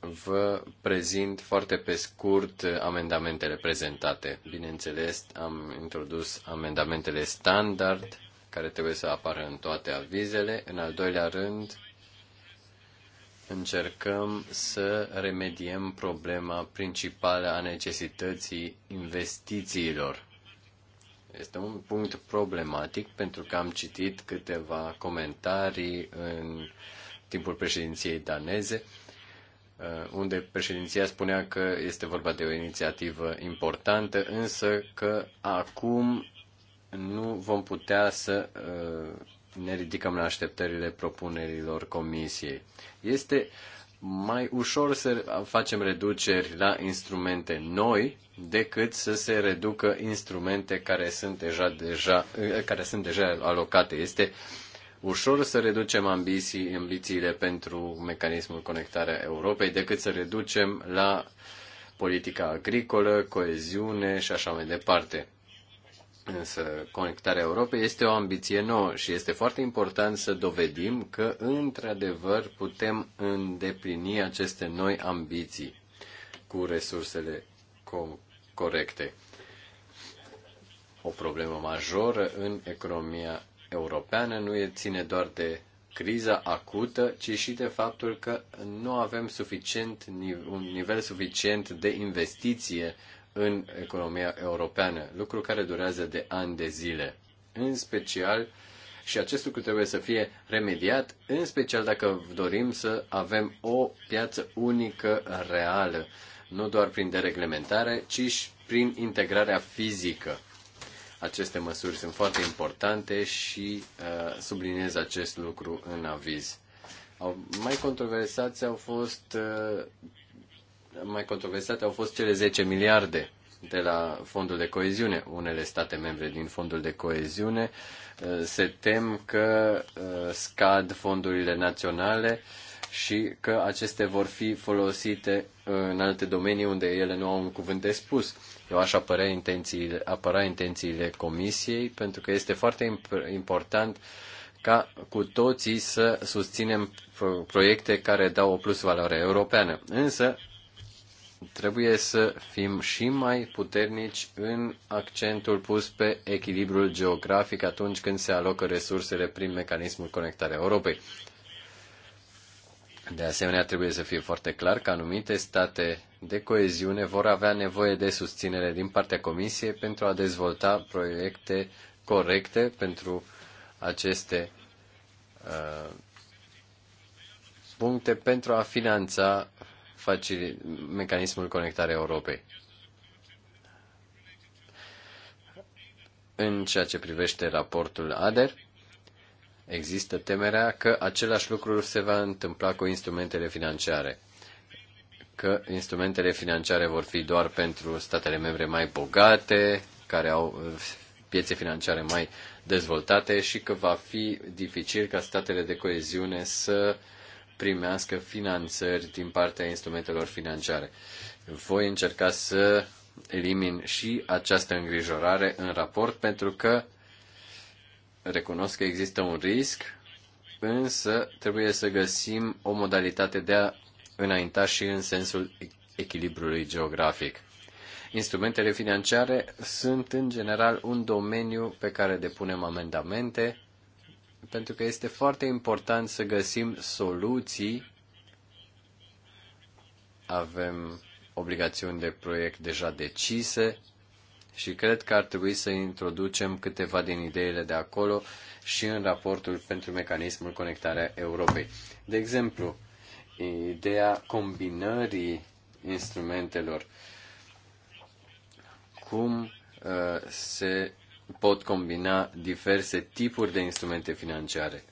vă prezint foarte pe scurt amendamentele prezentate. Bineînțeles, am introdus amendamentele standard care trebuie să apară în toate avizele. În al doilea rând, încercăm să remediem problema principală a necesității investițiilor. Este un punct problematic pentru că am citit câteva comentarii în timpul președinției daneze Uh, unde președinția spunea că este vorba de o inițiativă importantă, însă că acum nu vom putea să uh, ne ridicăm la așteptările propunerilor comisiei. Este mai ușor să facem reduceri la instrumente noi decât să se reducă instrumente care sunt deja, deja, uh, care sunt deja alocate. Este uh, ușor să reducem ambiții, ambițiile pentru mecanismul conectarea Europei decât să reducem la politica agricolă, coeziune și așa mai departe. Însă conectarea Europei este o ambiție nouă și este foarte important să dovedim că într-adevăr putem îndeplini aceste noi ambiții cu resursele corecte. O problemă majoră în economia europeană nu e ține doar de criza acută, ci și de faptul că nu avem suficient, un nivel suficient de investiție în economia europeană, lucru care durează de ani de zile. În special, și acest lucru trebuie să fie remediat, în special dacă dorim să avem o piață unică reală, nu doar prin dereglementare, ci și prin integrarea fizică. Aceste măsuri sunt foarte importante și uh, subliniez acest lucru în aviz. Au, mai controversați au fost uh, mai controversate au fost cele 10 miliarde de la fondul de coeziune. Unele state membre din fondul de coeziune uh, se tem că uh, scad fondurile naționale și că acestea vor fi folosite în alte domenii unde ele nu au un cuvânt de spus. Eu aș apăra intențiile, apăra intențiile comisiei, pentru că este foarte important ca cu toții să susținem proiecte care dau o plus valoare europeană. Însă, trebuie să fim și mai puternici în accentul pus pe echilibrul geografic atunci când se alocă resursele prin mecanismul conectarea Europei. De asemenea, trebuie să fie foarte clar că anumite state de coeziune vor avea nevoie de susținere din partea Comisiei pentru a dezvolta proiecte corecte pentru aceste uh, puncte pentru a finanța facil... mecanismul conectare Europei. În ceea ce privește raportul ADER, există temerea că același lucru se va întâmpla cu instrumentele financiare că instrumentele financiare vor fi doar pentru statele membre mai bogate, care au uh, piețe financiare mai dezvoltate și că va fi dificil ca statele de coeziune să primească finanțări din partea instrumentelor financiare. Voi încerca să elimin și această îngrijorare în raport pentru că recunosc că există un risc, însă trebuie să găsim o modalitate de a înainta și în sensul echilibrului geografic. Instrumentele financiare sunt în general un domeniu pe care depunem amendamente pentru că este foarte important să găsim soluții. Avem obligațiuni de proiect deja decise și cred că ar trebui să introducem câteva din ideile de acolo și în raportul pentru mecanismul conectarea Europei. De exemplu, ideea combinării instrumentelor. Cum uh, se pot combina diverse tipuri de instrumente financiare.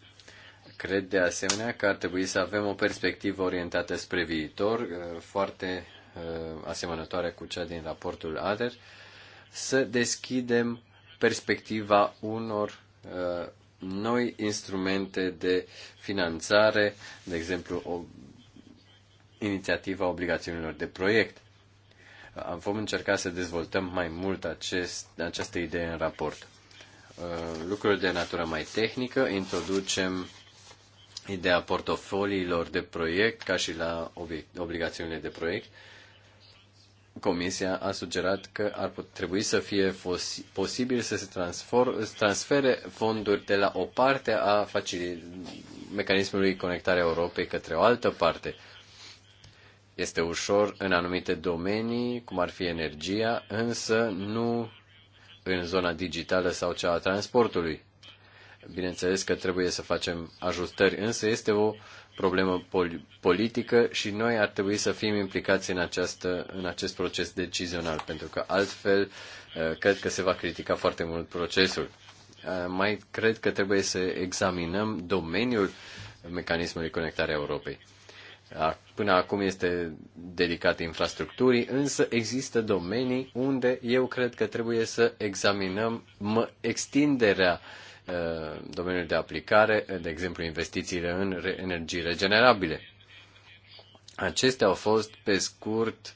Cred de asemenea că ar trebui să avem o perspectivă orientată spre viitor, uh, foarte uh, asemănătoare cu cea din raportul ADER, să deschidem perspectiva unor noi instrumente de finanțare, de exemplu inițiativa obligațiunilor de proiect. Vom încerca să dezvoltăm mai mult acest, această idee în raport. Uh, lucruri de natură mai tehnică, introducem ideea portofoliilor de proiect ca și la obligațiunile de proiect. Comisia a sugerat că ar trebui să fie posibil să se transfere fonduri de la o parte a mecanismului conectarea Europei către o altă parte. Este ușor în anumite domenii, cum ar fi energia, însă nu în zona digitală sau cea a transportului. Bineînțeles că trebuie să facem ajustări, însă este o problemă pol- politică și noi ar trebui să fim implicați în, această, în acest proces decizional, pentru că altfel ă, cred că se va critica foarte mult procesul. Ă, mai cred că trebuie să examinăm domeniul mecanismului conectarea Europei până acum este dedicat infrastructurii, însă există domenii unde eu cred că trebuie să examinăm extinderea ă, domeniului de aplicare, de exemplu investițiile în energii regenerabile. Acestea au fost, pe scurt,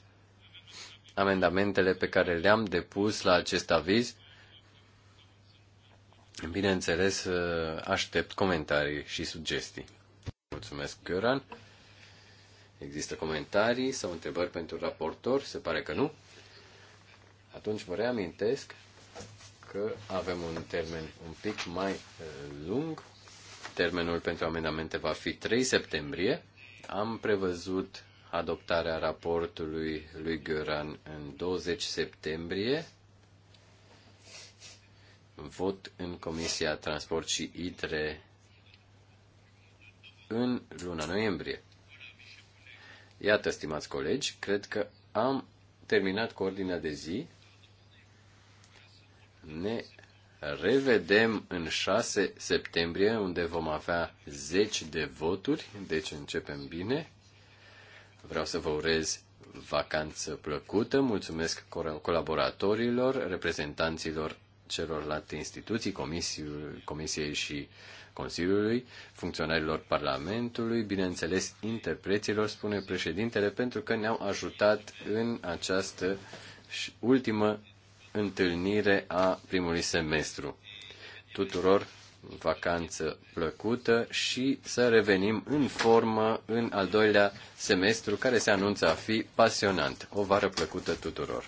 amendamentele pe care le-am depus la acest aviz. Bineînțeles, ă, aștept comentarii și sugestii. Mulțumesc, Göran. Există comentarii sau întrebări pentru raportor? Se pare că nu. Atunci vă reamintesc că avem un termen un pic mai eh, lung. Termenul pentru amendamente va fi 3 septembrie. Am prevăzut adoptarea raportului lui Göran în 20 septembrie. Vot în Comisia Transport și ITRE în luna noiembrie. Iată, stimați colegi, cred că am terminat cu ordinea de zi. Ne revedem în 6 septembrie, unde vom avea 10 de voturi, deci începem bine. Vreau să vă urez vacanță plăcută, mulțumesc colaboratorilor, reprezentanților celorlalte instituții, comisiei și Consiliului, funcționarilor Parlamentului, bineînțeles interpreților, spune președintele, pentru că ne-au ajutat în această ultimă întâlnire a primului semestru. Tuturor vacanță plăcută și să revenim în formă în al doilea semestru care se anunță a fi pasionant. O vară plăcută tuturor!